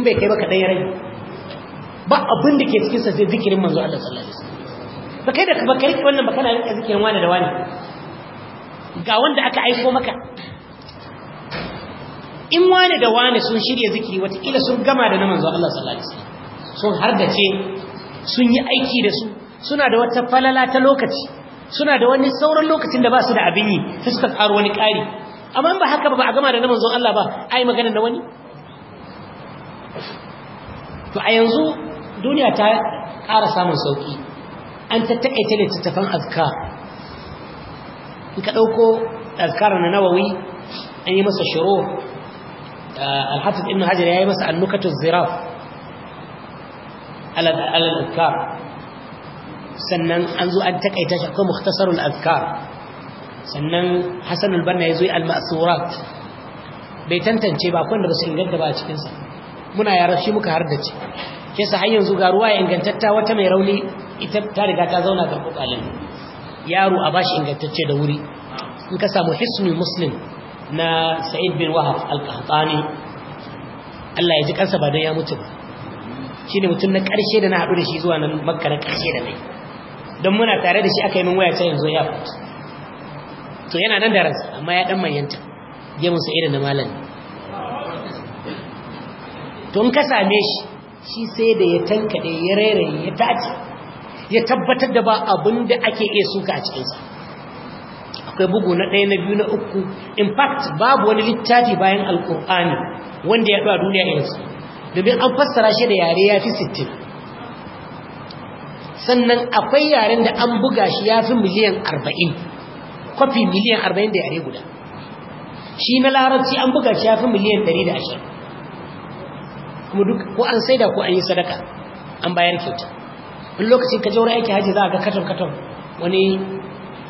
in bai kai ba ka ɗaya rage ba abin da ke cikin zai zikirin manzo Allah sallallahu alaihi wasallam ba kai da ba kai wannan ba kana rika zikirin wani da wani ga wanda aka aiko maka in wani da wani sun shirya zikiri watakila sun gama da naman zuwa Allah sallallahu alaihi wasallam sun ce sun yi aiki da su suna da wata falala ta lokaci suna da wani sauran lokacin da ba su da abin yi sai suka karu wani ƙari amma ba haka ba ba a gama da naman zuwa Allah ba ai magana da wani to a yanzu duniya ta ƙara samun sauki an tattakaita littattafan azkar in ka ɗauko azkar na nawawi an yi masa shiro alhafiz ibn hajar ya yi masa annukatu ziraf alal azkar sannan an zo an takaita shi akwai mukhtasarul azkar sannan hasanul banna ya zo yi almasurat bai tantance ba akwai ba su inganta ba a cikinsa muna yara shi muka hardace ke sa har yanzu ga ruwa ingantatta wata mai rauni ita ta riga ta zauna ga kokalin yaro a bashi ingantacce da wuri in samu hisnul muslim na sa'id bin wahab al-qahtani Allah ya ji kansa ba dan ya mutu ba shine mutum na karshe da na hadu da shi zuwa nan makka na karshe da nai don muna tare da shi aka yi min waya ta yanzu ya fito to yana nan da ransa amma ya dan manyanta je sa sa'id da malami to in ka same shi shi sai da ya tankade ya rairaye ya tace ya tabbatar da ba abin da ake iya suka a sa akwai bugu na ɗaya na biyu na uku in fact babu wani littafi bayan alkur'ani wanda ya ɗuwa duniya yanzu domin an fassara shi da yare ya fi sittin sannan akwai yaren da an buga shi ya fi miliyan arba'in kwafi miliyan arba'in da yare guda shi na larabci an buga shi ya fi miliyan ɗari da ashirin kuma duk ko an saida ko an yi sadaka an bayan kyauta wani lokacin ka je aiki haji za a ga katon katon wani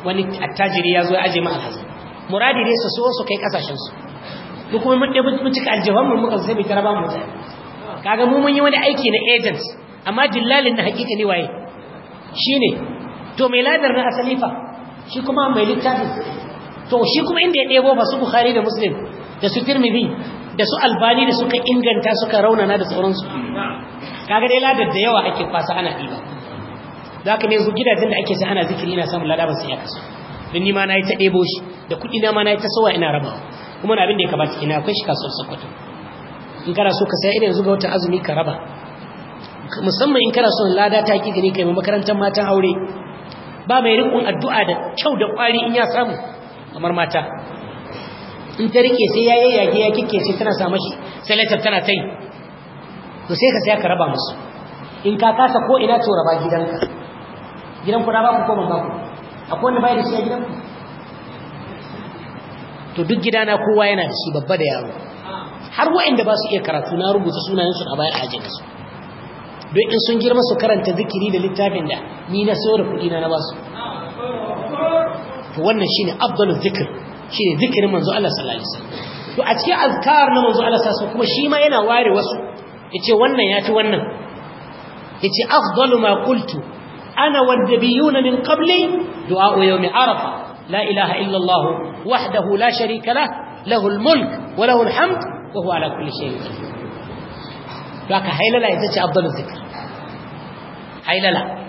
wani attajiri ya zo ya aje ma muradi dai su so su kai kasashen su duk kuma mun dabi mun cika aljihun mu muka sai mu tara ba mu ta. kaga mu mun yi wani aiki na agent amma dillalin na hakika ne waye shine to mai ladar na asali fa shi kuma mai littafi to shi kuma inda ya debo ba su bukhari da muslim da su tirmidhi da su albani da suka inganta suka raunana da sauransu kaga dai ladar da yawa ake kwasa ana diba da ka mezu gidajen da ake sai ana zikiri ina samun lada ban ya kasu don ni ma na yi ta ɗebo shi da kuɗi na ma na yi ta sawa ina raba kuma na abin da ya kamata ina akwai shi kasuwar sokoto in kana so ka sai irin yanzu ga watan azumi ka raba musamman in kana son lada ta ki gani kai ma makarantar matan aure ba mai riƙon addu'a da kyau da ƙwari in ya samu kamar mata in ta rike sai ya yayyage ya kike sai tana sa mashi sai latar tana tai to sai ka sai ka raba musu in ka kasa ko ina to raba gidanka gidan ku na ba ku ko ban ba ku akwai wanda bai da shi a gidan ku to duk gidana kowa yana da shi babba da yaro har waɗanda ba su iya karatu na rubuta sunayensu a bayan ajin su don in sun girma su karanta zikiri da littafin da ni na so da kuɗi na na ba su to wannan shine Abdul zikir, shine zikirin manzo Allah sallallahu alaihi wasallam to a cikin azkar na manzo Allah sallallahu alaihi kuma shi ma yana ware wasu yace wannan yafi wannan yace afdalu ma qultu أنا والنبيون من قبلي دعاء يوم عرفة لا إله إلا الله وحده لا شريك له له الملك وله الحمد وهو على كل شيء قدير لك هيللا يتجي أفضل الذكر هيللا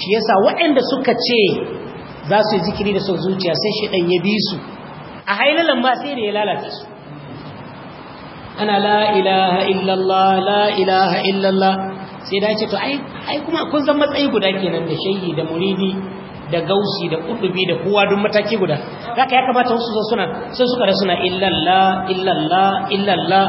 shi yasa waɗanda suka ce za su yi zikiri da son zuciya sai shi ɗan ya bi su a hailalan ba sai da ya lalata ana la ilaha la ilaha sai da ce to ai ai kuma kun san matsayi guda kenan da shehi da muridi da gausi da kudubi da kowa duk mataki guda haka ya kamata wasu zo suna sai suka da suna illallah illallah illallah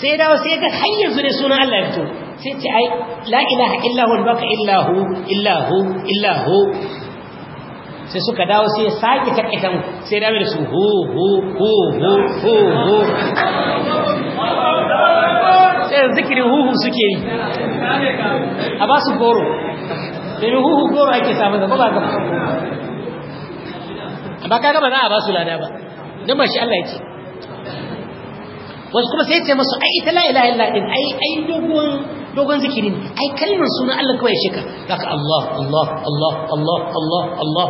sai da sai ga hanyar su ne sunan Allah ya fito sai ce ai la ilaha illahu baka illahu illahu illahu sai suka dawo sai ya sake karkitan sai dawo da su hu hu ho sai zikirin huhu suke yi a ba su goro domin huhu goro ake zama ba gaba ba ka gaba a ba su lada ba don Allah ya ce wasu kuma sai ce musu ai ita la ilaha illa din ai ai dogon dogon zikirin ai kalmar sunan Allah kawai shika zaka Allah Allah Allah Allah Allah Allah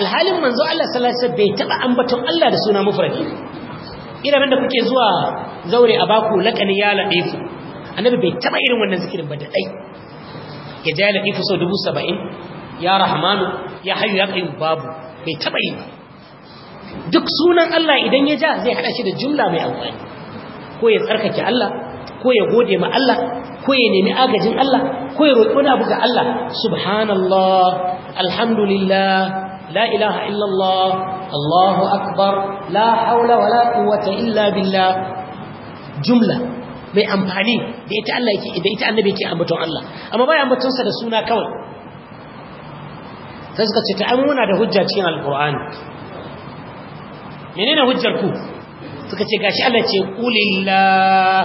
alhalin manzo Allah sallallahu alaihi wasallam bai taba ambaton Allah da suna mufradi Irin da kuke zuwa zaure a baku laqani ya ladifu annabi bai taba irin wannan zikirin ba da dai ya ja ladifu so 70 ya rahmanu ya hayyu ya qayyum babu bai taba yi ba duk sunan Allah idan ya ja zai haɗa shi da jumla mai amfani ko ya tsarkake Allah ko ya gode ma Allah ko ya nemi agajin Allah ko ya roƙi wani abu ga Allah subhanallah alhamdulillah la ilaha illallah Allahu akbar la haula wala quwwata illa billah jumla mai amfani da ita Allah yake da ita annabi yake ambaton Allah amma bai ambaton sa da suna kawai sai suka ce ta amuna da hujja cikin alqur'ani menene hujjar ku suka ce gashi Allah ce qulillah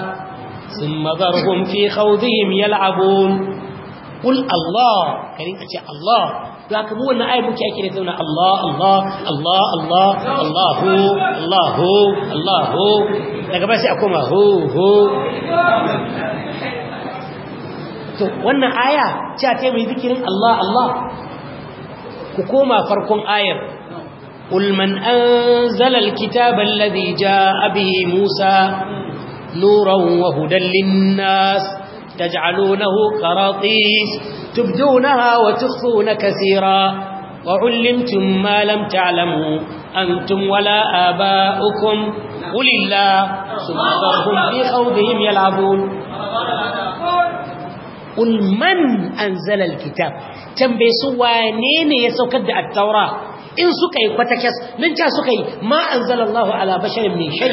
thumma zarhum fi khawdihim yal'abun Kul Allah karin ka ce Allah za ka bi wannan ayi muke ake da zauna Allah Allah Allah Allah Allahu Allahu Allahu daga ba sai a koma ho ho to wannan aya ce ta yi zikirin Allah Allah ku koma farkon ayar قل من أنزل الكتاب الذي جاء به موسى نورا وهدى للناس تجعلونه قراطيس تبدونها وتخفون كثيرا وعلمتم ما لم تعلموا أنتم ولا آباؤكم قل الله ثم ذرهم في خوضهم يلعبون قل من أنزل الكتاب تنبسوا وانين يسوكد التوراة in suka yi kwatakes nan ca suka yi ma anzalallahu ala basharin min shay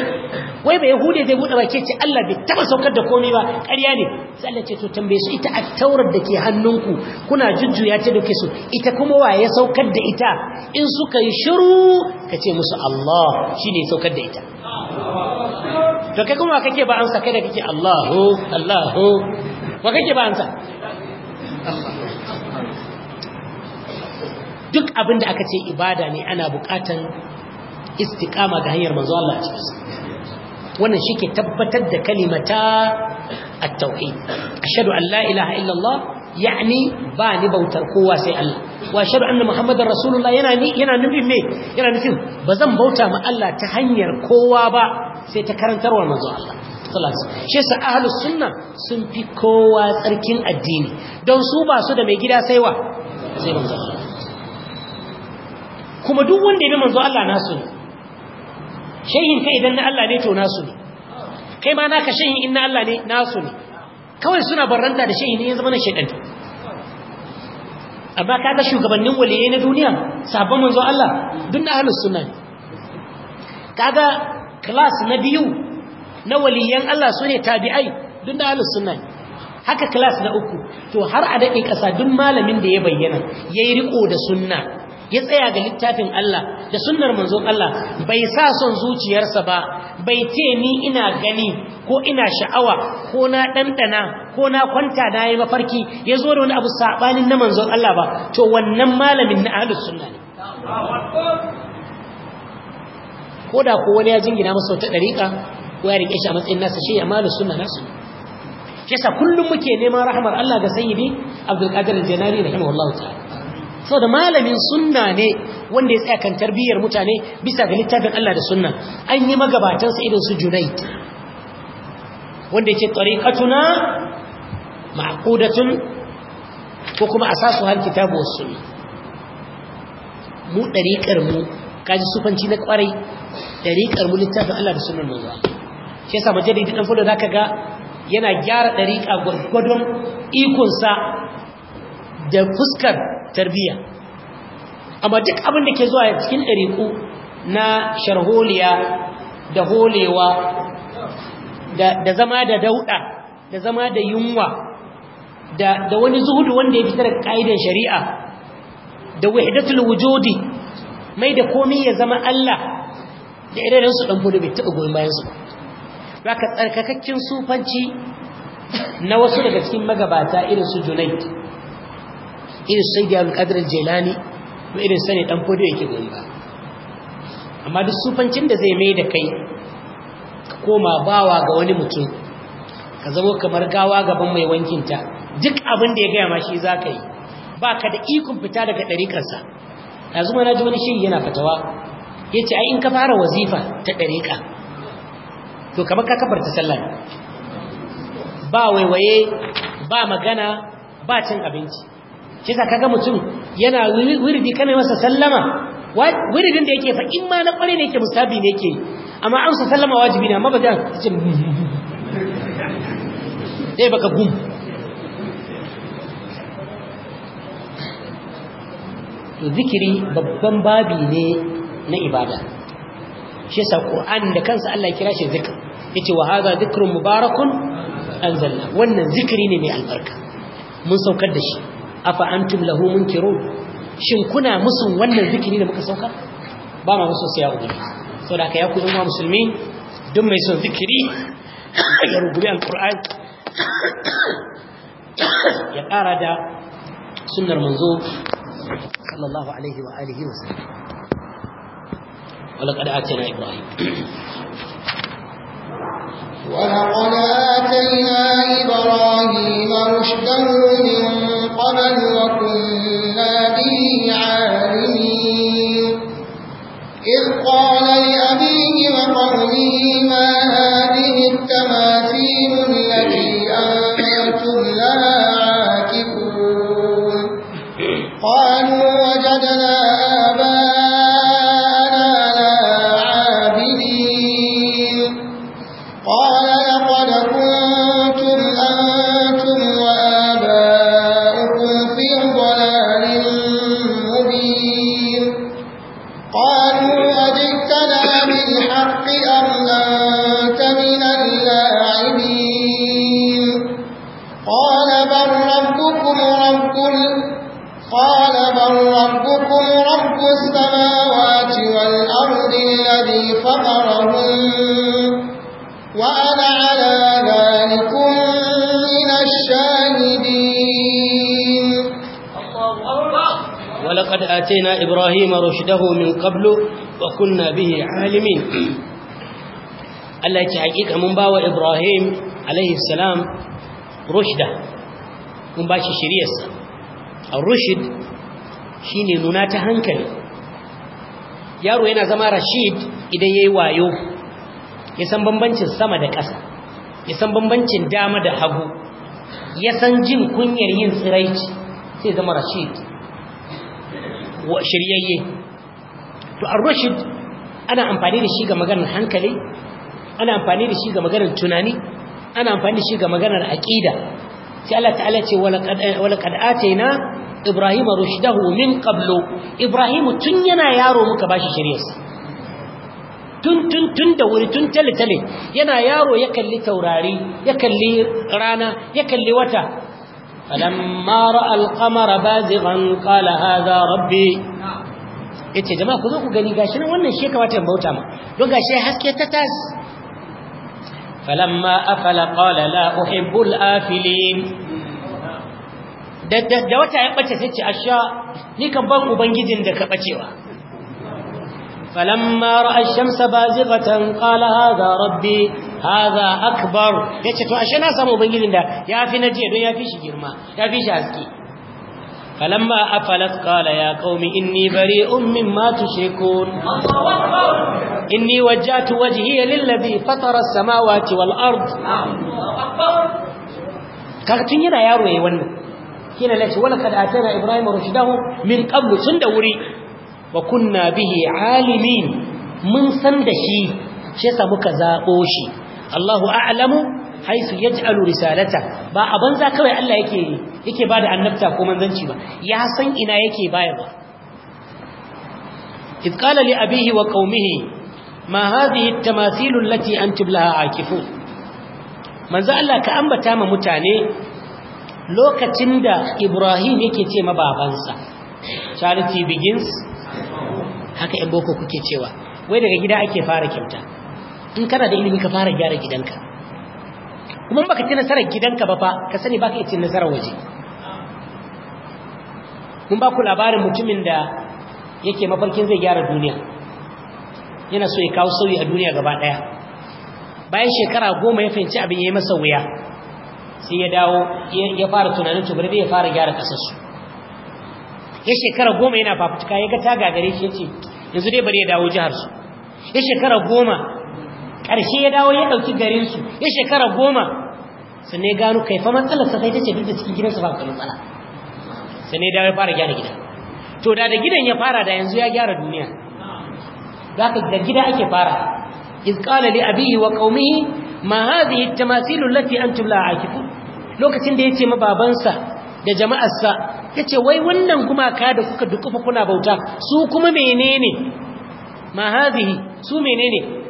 wai bai yahude zai bude baki ce Allah bai taba saukar da komai ba ƙarya ne sai Allah ce to tambaye su ita at-taurat dake hannunku kuna jujjuya ta dake su ita kuma waye saukar da ita in suka yi shiru kace musu Allah shine saukar da ita to kai kuma kake ba amsa kai da kake Allahu Allahu wa kake ba amsa Allah duk abinda aka ce ibada ne ana bukatan istiqama ga hanyar manzo Allah ce wannan shike tabbatar da kalimata at-tauhid ashhadu an la ilaha illa Allah yani ba ni bautar kowa sai Allah wa ashhadu anna muhammadar rasulullah yana ni yana nufin me yana nufin bazan bauta ma Allah ta hanyar kowa ba sai ta karantarwa manzo Allah shi sa ahlus sunna sun fi kowa tsarkin addini don su ba su da mai gida sai wa sai manzo Allah kuma duk wanda ya bi manzo Allah nasu ne shehin kai idan na Allah ne to nasu ne kai ma naka shehin in na Allah ne nasu ne kawai suna barranta da shehin ne ya zama na shedan amma kaga shugabannin waliyai na duniya sabon manzo Allah duk na ahlus sunna ne kaga class na biyu na waliyan Allah sune tabi'ai duk na ahlus sunna ne haka class na uku to har a dade kasa duk malamin da ya bayyana yayi riko da sunna ya tsaya ga littafin Allah da sunnar manzon Allah bai sa son zuciyarsa ba bai ce ni ina gani ko ina sha'awa ko na ɗanɗana ko na kwanta na yi mafarki ya zo da wani abu sabanin na manzon Allah ba to wannan malamin na ahlus sunna ne ko da ko wani ya jingina masa wata ɗariƙa ko ya riƙe shi a matsayin nasa shi amalus sunna nasu Kisa kullum muke neman rahmar Allah ga sayyidi Abdul Qadir Janari rahimahullahu ta'ala saboda malamin sunna ne wanda ya tsaya kan tarbiyyar mutane bisa ga littafin Allah da sunna an yi sa irin su junai. wanda yake tariqatuna ma'qudatun ko kuma asasu hal kitabu was sunna mu tariqar mu kaji sufanci na kwarai tariqar mu littafin Allah da sunnar manzo shi yasa majallidi dan fulo zaka ga yana gyara dariqa gurgudun ikonsa da fuskar tarbiyya amma duk abin da ke zuwa cikin ɗariƙu na sharholiya da holewa da zama da dauɗa da zama da yunwa da wani zuhudu wanda ya tara ƙa'idar shari'a da wahidatul wujudi mai da komi ya zama Allah da irin su ɗan fudu bai taɓa goyon bayansu ba ka tsarkakakken sufanci na wasu daga cikin magabata irin su junaid irin sai al-qadr al-jilani ko irin sani dan fodo yake goyi ba amma duk sufancin da zai mai da kai ka koma bawa ga wani mutum ka zama kamar gawa gaban mai wankin ta, duk abin da ya gaya ma shi za yi ba da ikon fita daga ɗarikarsa. sa yanzu na ji wani shi yana fatawa ya ce ai in ka fara wazifa ta ɗarika, to kamar ka kafarta sallah ba waiwaye ba magana ba cin abinci kisa kaga mutum yana wirdi kana masa sallama wiridin da yake fa in ma na kware ne yake musabi ne yake amma an sa sallama wajibi ne amma ba da ce dai hmm. baka gum to zikiri babban babi ne na ibada shi yasa Qur'an da kansa Allah ya kira shi zikr yace wa hadha zikrun mubarakun anzalna wannan zikiri ne mai albarka mun saukar da shi afa antum lahu munkirun shin kuna musun wannan zikiri da muka sauka ba ma musu sai ya ubangi saboda ya ku zama musulmi duk mai son zikiri ya rubuta alquran ya ƙara da sunnar manzo sallallahu alaihi wa alihi ولقد آتينا إبراهيم رشدا من قبل وكنا به عالمين إذ قال لأبيه وقومه ما هذه التماثيل التي أنتم لها آتينا إبراهيم رشده من قبل وكنا به عالمين الله يتحقيق من باوى إبراهيم عليه السلام رشده من باشي شريس الرشد شيني ننات هنكلي yaro yana zama rashid idan yayi wayo ya san bambancin sama da ƙasa ya san bambancin dama da hagu ya san jin kunyar yin tsiraici sai zama rashid shiryayye to ar-rashid ana amfani da shi ga maganar hankali ana amfani da shi ga maganar tunani ana amfani da shi ga maganar aqida sai Allah ta'ala ce walaqad atayna ibrahima rushdahu min qablu ibrahimu tun yana yaro muka bashi shiriyarsa tun tun tun da wuri tun tale tale yana yaro ya kalli taurari ya kalli rana ya kalli wata فلما راى القمر بازغا قال هذا ربي yace jama'a ku zo ku gani gashi nan wannan shi kamata in bauta ma don gashi haske ta tas falamma afala qala la uhibbu al-afilin da da wata ya bace sai ce asha ni kan ban ubangijin da ka bacewa falamma ra'a ash-shamsa bazighatan qala hadha rabbi haza akbar yace to ashe na samu ubangijin da yafi na jiya don yafi shi girma yafi shi haske falamma afalat qala ya qaumi inni bari'un mimma tushrikun inni wajjahtu wajhiya lilladhi fatara as-samawati wal ard kaga yana yaro yayin wannan kina lafi wala kad atana ibrahima rushdahu min qablu tun da wuri mun san da shi shi muka zaɓo shi Allahu a'lamu haisu yaj'alu risalata ba a banza kawai Allah yake yake bada annabta ko manzanci ba ya san ina yake bayarwa id qala li abeehi wa qaumihi ma hadhihi at allati antum laha aakifun manzo Allah ka ambata ma mutane lokacin da Ibrahim yake ce ma babansa charity begins haka in boko kuke cewa wai daga gida ake fara kyauta in kana da ilimi ka fara gyara gidanka kuma baka ci nasarar gidanka ba fa ka sani baka ci nasarar waje mun ba ku labarin mutumin da yake mafarkin zai gyara duniya yana so ya kawo sauyi a duniya gaba daya bayan shekara goma ya fahimci abin ya yi masa wuya sai ya dawo ya fara tunanin tubar ya fara gyara su ya shekara goma yana fafutuka ya ga taga gare shi ce yanzu dai bari ya dawo jihar su. ya shekara goma ƙarshe ya dawo ya ɗauki garinsu ya shekara goma su ne gano kai fa matsalarsa sai ta ce duk da cikin gidansu ba ka matsala su ne dawo ya fara gyara gida. to da da gidan ya fara da yanzu ya gyara duniya za ka da gida ake fara iz qala li abihi wa qaumihi ma hadhihi at-tamathil allati antum la aakifun lokacin da yace ma babansa da jama'arsa yace wai wannan kuma ka da kuka duka kuna bauta su kuma menene ma hadhihi su menene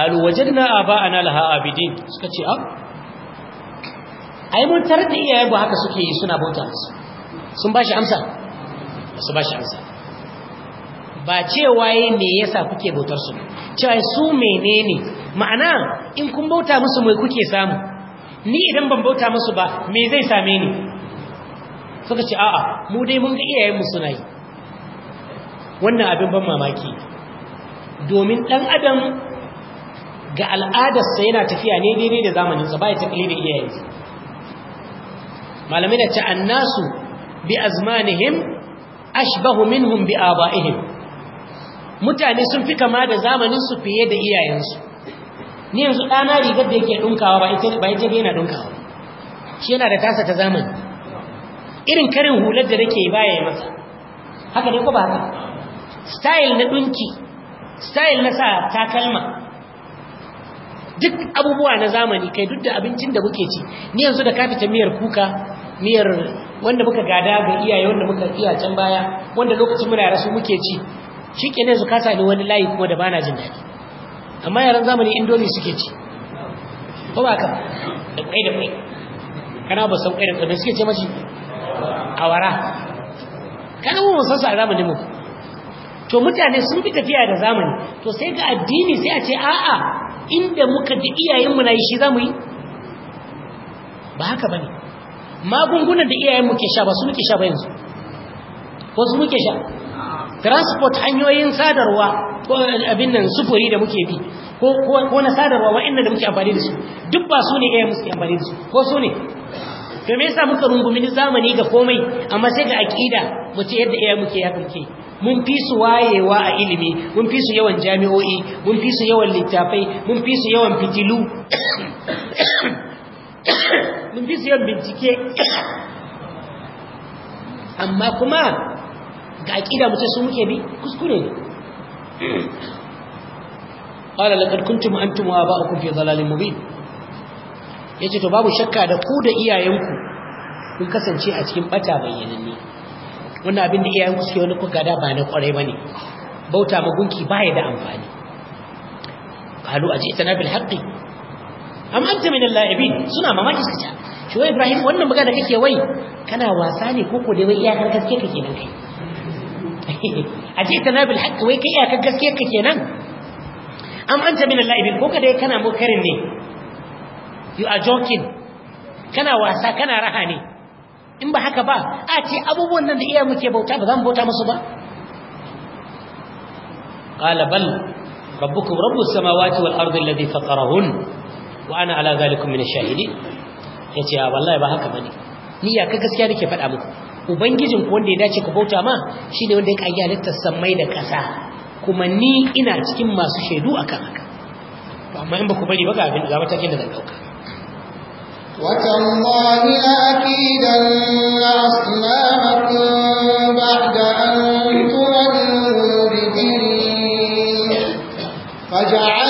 kalu wajadna aba'ana laha abidin suka ce a ai mun tarar da iyayen ba haka suke yi suna bauta sun bashi amsa su bashi amsa ba cewa yi me yasa kuke bautar su cewa su menene ma'ana in kun bauta musu mai kuke samu ni idan ban bauta musu ba me zai same ni suka ce a'a mu dai mun ga iyaye mu suna yi wannan abin ban mamaki domin dan adam ga al'adarsa yana tafiya ne daidai da zamaninsa ba ya tafiye da iyayensa malamai da ce annasu bi azmanihim ashbahu minhum bi aba'ihim mutane sun fi kama da zamaninsu fiye da iyayensu ni yanzu ɗana rigar da yake ɗunkawa ba ita ba ita yana ɗunkawa shi yana da tasa ta zamani irin karin hular da nake baya ya masa haka dai ko ba haka style na ɗunki style na sa takalma duk abubuwa na zamani kai duk da abincin da muke ci ni yanzu da ka fita miyar kuka miyar wanda muka gada ga iyaye wanda muka iya can baya wanda lokacin muna rasu muke ci shike ne su ka sami wani layi kuma da bana jin daɗi amma yaran zamani indomi suke ci ko ba ka da kai da kwai kana ba san kai da kai suke ce mashi awara kana mu musan sa zamanin mu to mutane sun fi tafiya da zamani to sai ga addini sai a ce a'a inda muka ji iyayenmu na yi shi za mu yi ba haka ba ne magungunan da iyayenmu ke sha ba su muke sha ba yanzu ko su muke sha transport hanyoyin sadarwa ko eh, abin nan sufuri da muke bi ko na sadarwa inda da muke amfani da su duk ba su ne iyayenmu suke amfani da su ko su ne to me yasa muka rungumi zamani ga komai amma sai ga akida mu ce yadda iyayen muke ya kamke mun fi su wayewa a ilimi mun fi su yawan jami'o'i mun fi su yawan littafai mun fi su yawan fitilu mun fi su yawan bincike amma kuma ga aƙida mutu sun muke bi kuskure ne ƙwada laƙar kuntum an tumuwa ba a kunfi zalalin mubin ya ce to babu shakka da ku da iyayenku kun kasance a cikin ɓata ne. wannan abin da iyayenku suke wani kuka da ba na kwarai bane bauta mugunki gunki baya da amfani qalu ajitana bil haqqi am anta min al-la'ibin suna mamaki suka ce wai Ibrahim wannan magana da kake wai kana wasa ne ko ko dai wai iyakar gaske kake nan kai ajitana bil haqqi wai kai iyakar gaske kake nan am anta min al-la'ibin ko ka dai kana mukarin ne you are joking kana wasa kana raha ne in ba haka ba a ce abubuwan nan da iya muke bauta ba za mu bauta musu ba qala bal rabbukum rabbus samawati wal ardi alladhi fatarahun wa ana ala zalikum min ash-shahidin yace a wallahi ba haka bane ni ya ka gaskiya nake faɗa muku ubangijin ku wanda ya dace ku bauta ma shine wanda ya kage halittar samai da ƙasa kuma ni ina cikin masu shaidu akan haka to amma in ba ku bari ba ga abin da matakin da zan dauka وتالله لأكيدن أصنامكم بعد أن تولوا مدبرين فجعل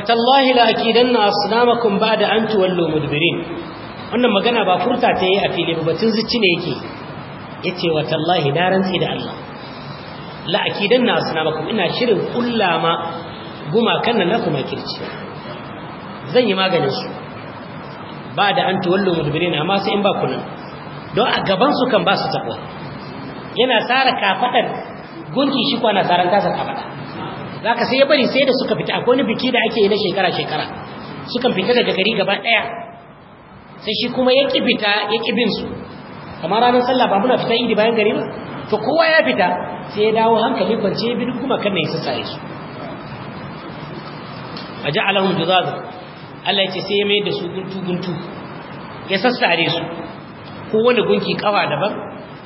فتالله لا اكيدن اصنامكم بعد ان تولوا مدبرين wannan magana ba furta ta yi a fili ba batun zuci ne yake yace watallahi na rantsi da Allah la na asnamakum ina shirin kullama guma kanna na kuma kirci zan yi maganin su ba da an tuwallu mudbirina amma sai in ba ku nan don a gaban su kan ba su tabo yana sara kafadar gunki shi kwana sarantasa kafada Za ka sai ya bari sai da suka fita akwai wani biki da ake yi na shekara shekara sukan fita daga gari gaba daya sai shi kuma ya ki fita ya su kamar ranar sallah ba muna fita idi bayan gari ba to kowa ya fita sai ya dawo hankali kwance ya bi duk kuma kan na ya sassaye su aja'alahum juzaza Allah ya ce sai ya mai da su guntu guntu ya sassare su ko gunki kawa daban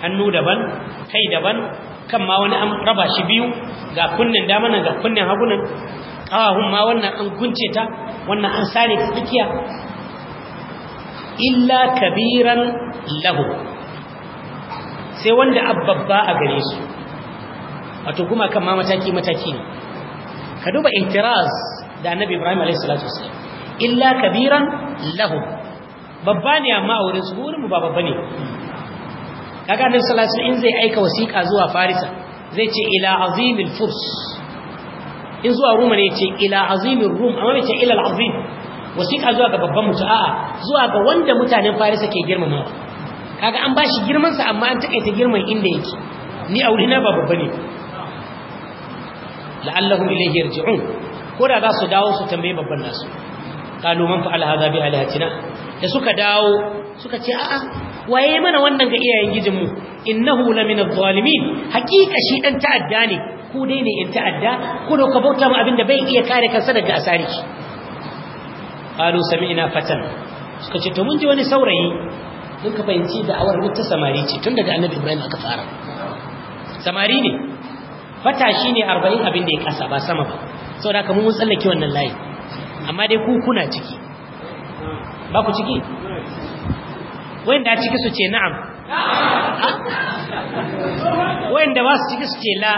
hannu daban kai daban kan ma wani an raba shi biyu ga kunnen damanan ga kunnen hagunan ƙawahun ma wannan an gunce ta wannan an sare ta tsakiya illa kabiran lahu sai wanda abbabba a gare su wato kuma kan ma mataki-mataki ne ka duba intiraz da annabi ibrahim alaihissalatu wasu illa kabiran lahu babba ne amma a wurin su wurin mu ba babba ne kaga annabi sallallahu alaihi wasallam in zai aika wasiƙa zuwa farisa zai ce ila azimil furs in zuwa ruma ne ce ila azimir rum amma bai ce ila alazim wasiƙa zuwa ga babban mutaa zuwa ga wanda mutanen farisa ke girmamawa kaga an bashi girman sa amma an takaita girman inda yake ni aure na ba babba ne la'allahum ilayhi yarji'un ko da za su dawo su tambaye babban nasu kalu man fa'ala hadha bi alhatina da suka dawo suka ce a'a waye mana wannan ga iyayen gijinmu innahu laminaz zalimin hakika shi dan ta'adda ne ku dai ne in ta'adda ku da ku mu abinda bai iya kare kansa daga asari qalu sami'na fatan suka ce to mun ji wani saurayi mun ka fahimci da awar ta samari ce tun daga annabi ibrahim aka fara samari ne shi ne 40 abin ya kasa ba sama ba saboda haka mun tsallake wannan layi amma dai ku kuna ciki ba ku ciki wanda a ciki su ce na'am wanda ba su ciki su ce la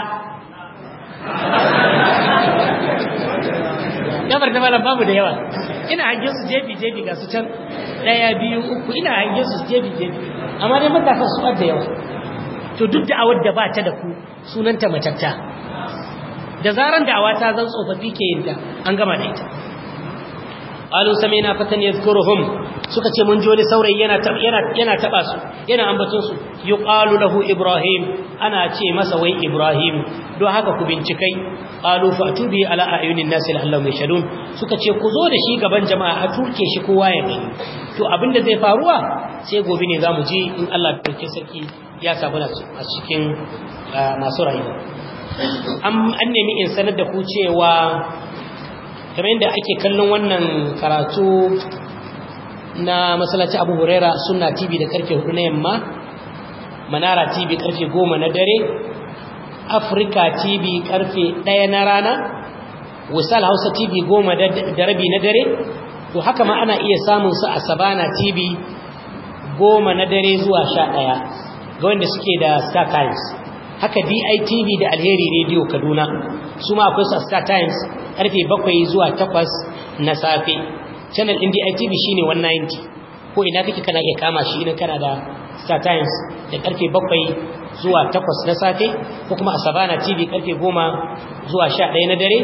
gabar da malam babu da yawa ina hangen su jebi jebi ga su can daya biyu uku ina hangen su jebi jebi amma dai matasa su da yawa to duk da awar da ba ta da ku sunanta matatta da zaran da awata zan tsofaffi ke yin ta an gama da ita قالوا na fatan يذكرهم suka ce mun ji wani saurayi yana yana yana taba su yana ambaton su yuqalu lahu ibrahim ana ce masa wai ibrahim don haka ku bincikai qalu fa'tu bi ala ayunin nas la'allahum yashadun suka ce ku zo da shi gaban jama'a a turke shi kowa ya gani to abin da zai faruwa sai gobe ne zamu ji in Allah ya dauke sarki ya samu a cikin masu rayuwa an nemi in sanar da ku cewa kamar yadda ake kallon wannan karatu na masalaci abu Burera, suna tv da karfe hudu na yamma manara tv karfe goma na dare afirka tv karfe ɗaya na rana wasal hausa tv goma da rabi na dare to haka ma ana iya samun su a sabana tv goma na dare zuwa sha ɗaya ga wanda suke da star times haka DITV da Alheri Radio Kaduna su ma akwai su star times karfe bakwai zuwa takwas na safe channel ɗin DITV shine 190 ko ina kake kana iya kama shi idan kana da star times da karfe bakwai zuwa takwas na safe ko kuma a tv karfe goma zuwa sha ɗaya na dare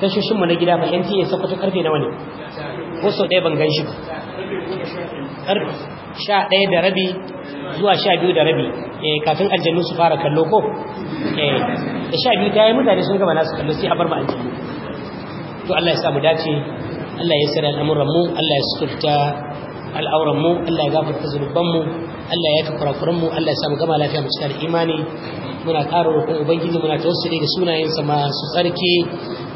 tashoshinmu na gida ba nta sakwato karfe nawa ne ko sau ɗaya ban gan shi ba sha ɗaya da rabi zuwa sha biyu da rabi eh, kafin aljannu su fara kallo ko eh, da sha biyu ta yi mutane sun gama nasu kallo sai a bar ma aljannu to Allah ya samu dace Allah ya sirra al'amuran mu Allah ya suturta al'auran mu Allah ya gafarta zunuban mu Allah ya yi mu Allah ya samu gama lafiya mu da imani muna ƙara roƙon ubangiji muna tawassuli da sunayensa masu tsarki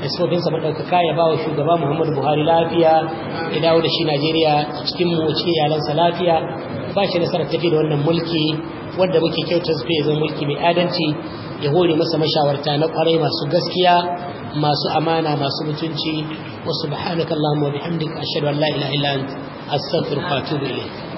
da sifofin sa madaukaka ya wa shugaba Muhammadu Buhari lafiya ya dawo da shi Najeriya cikin mu cikin iyalansa lafiya ba shi nasarar tafi da wannan mulki wanda muke kyautar su ya zama mulki mai adalci ya hore masa mashawarta na kwarai masu gaskiya masu amana masu mutunci wa subhanakallahumma wa bihamdika ashhadu an la ilaha illa anta astaghfiruka wa atubu ilayk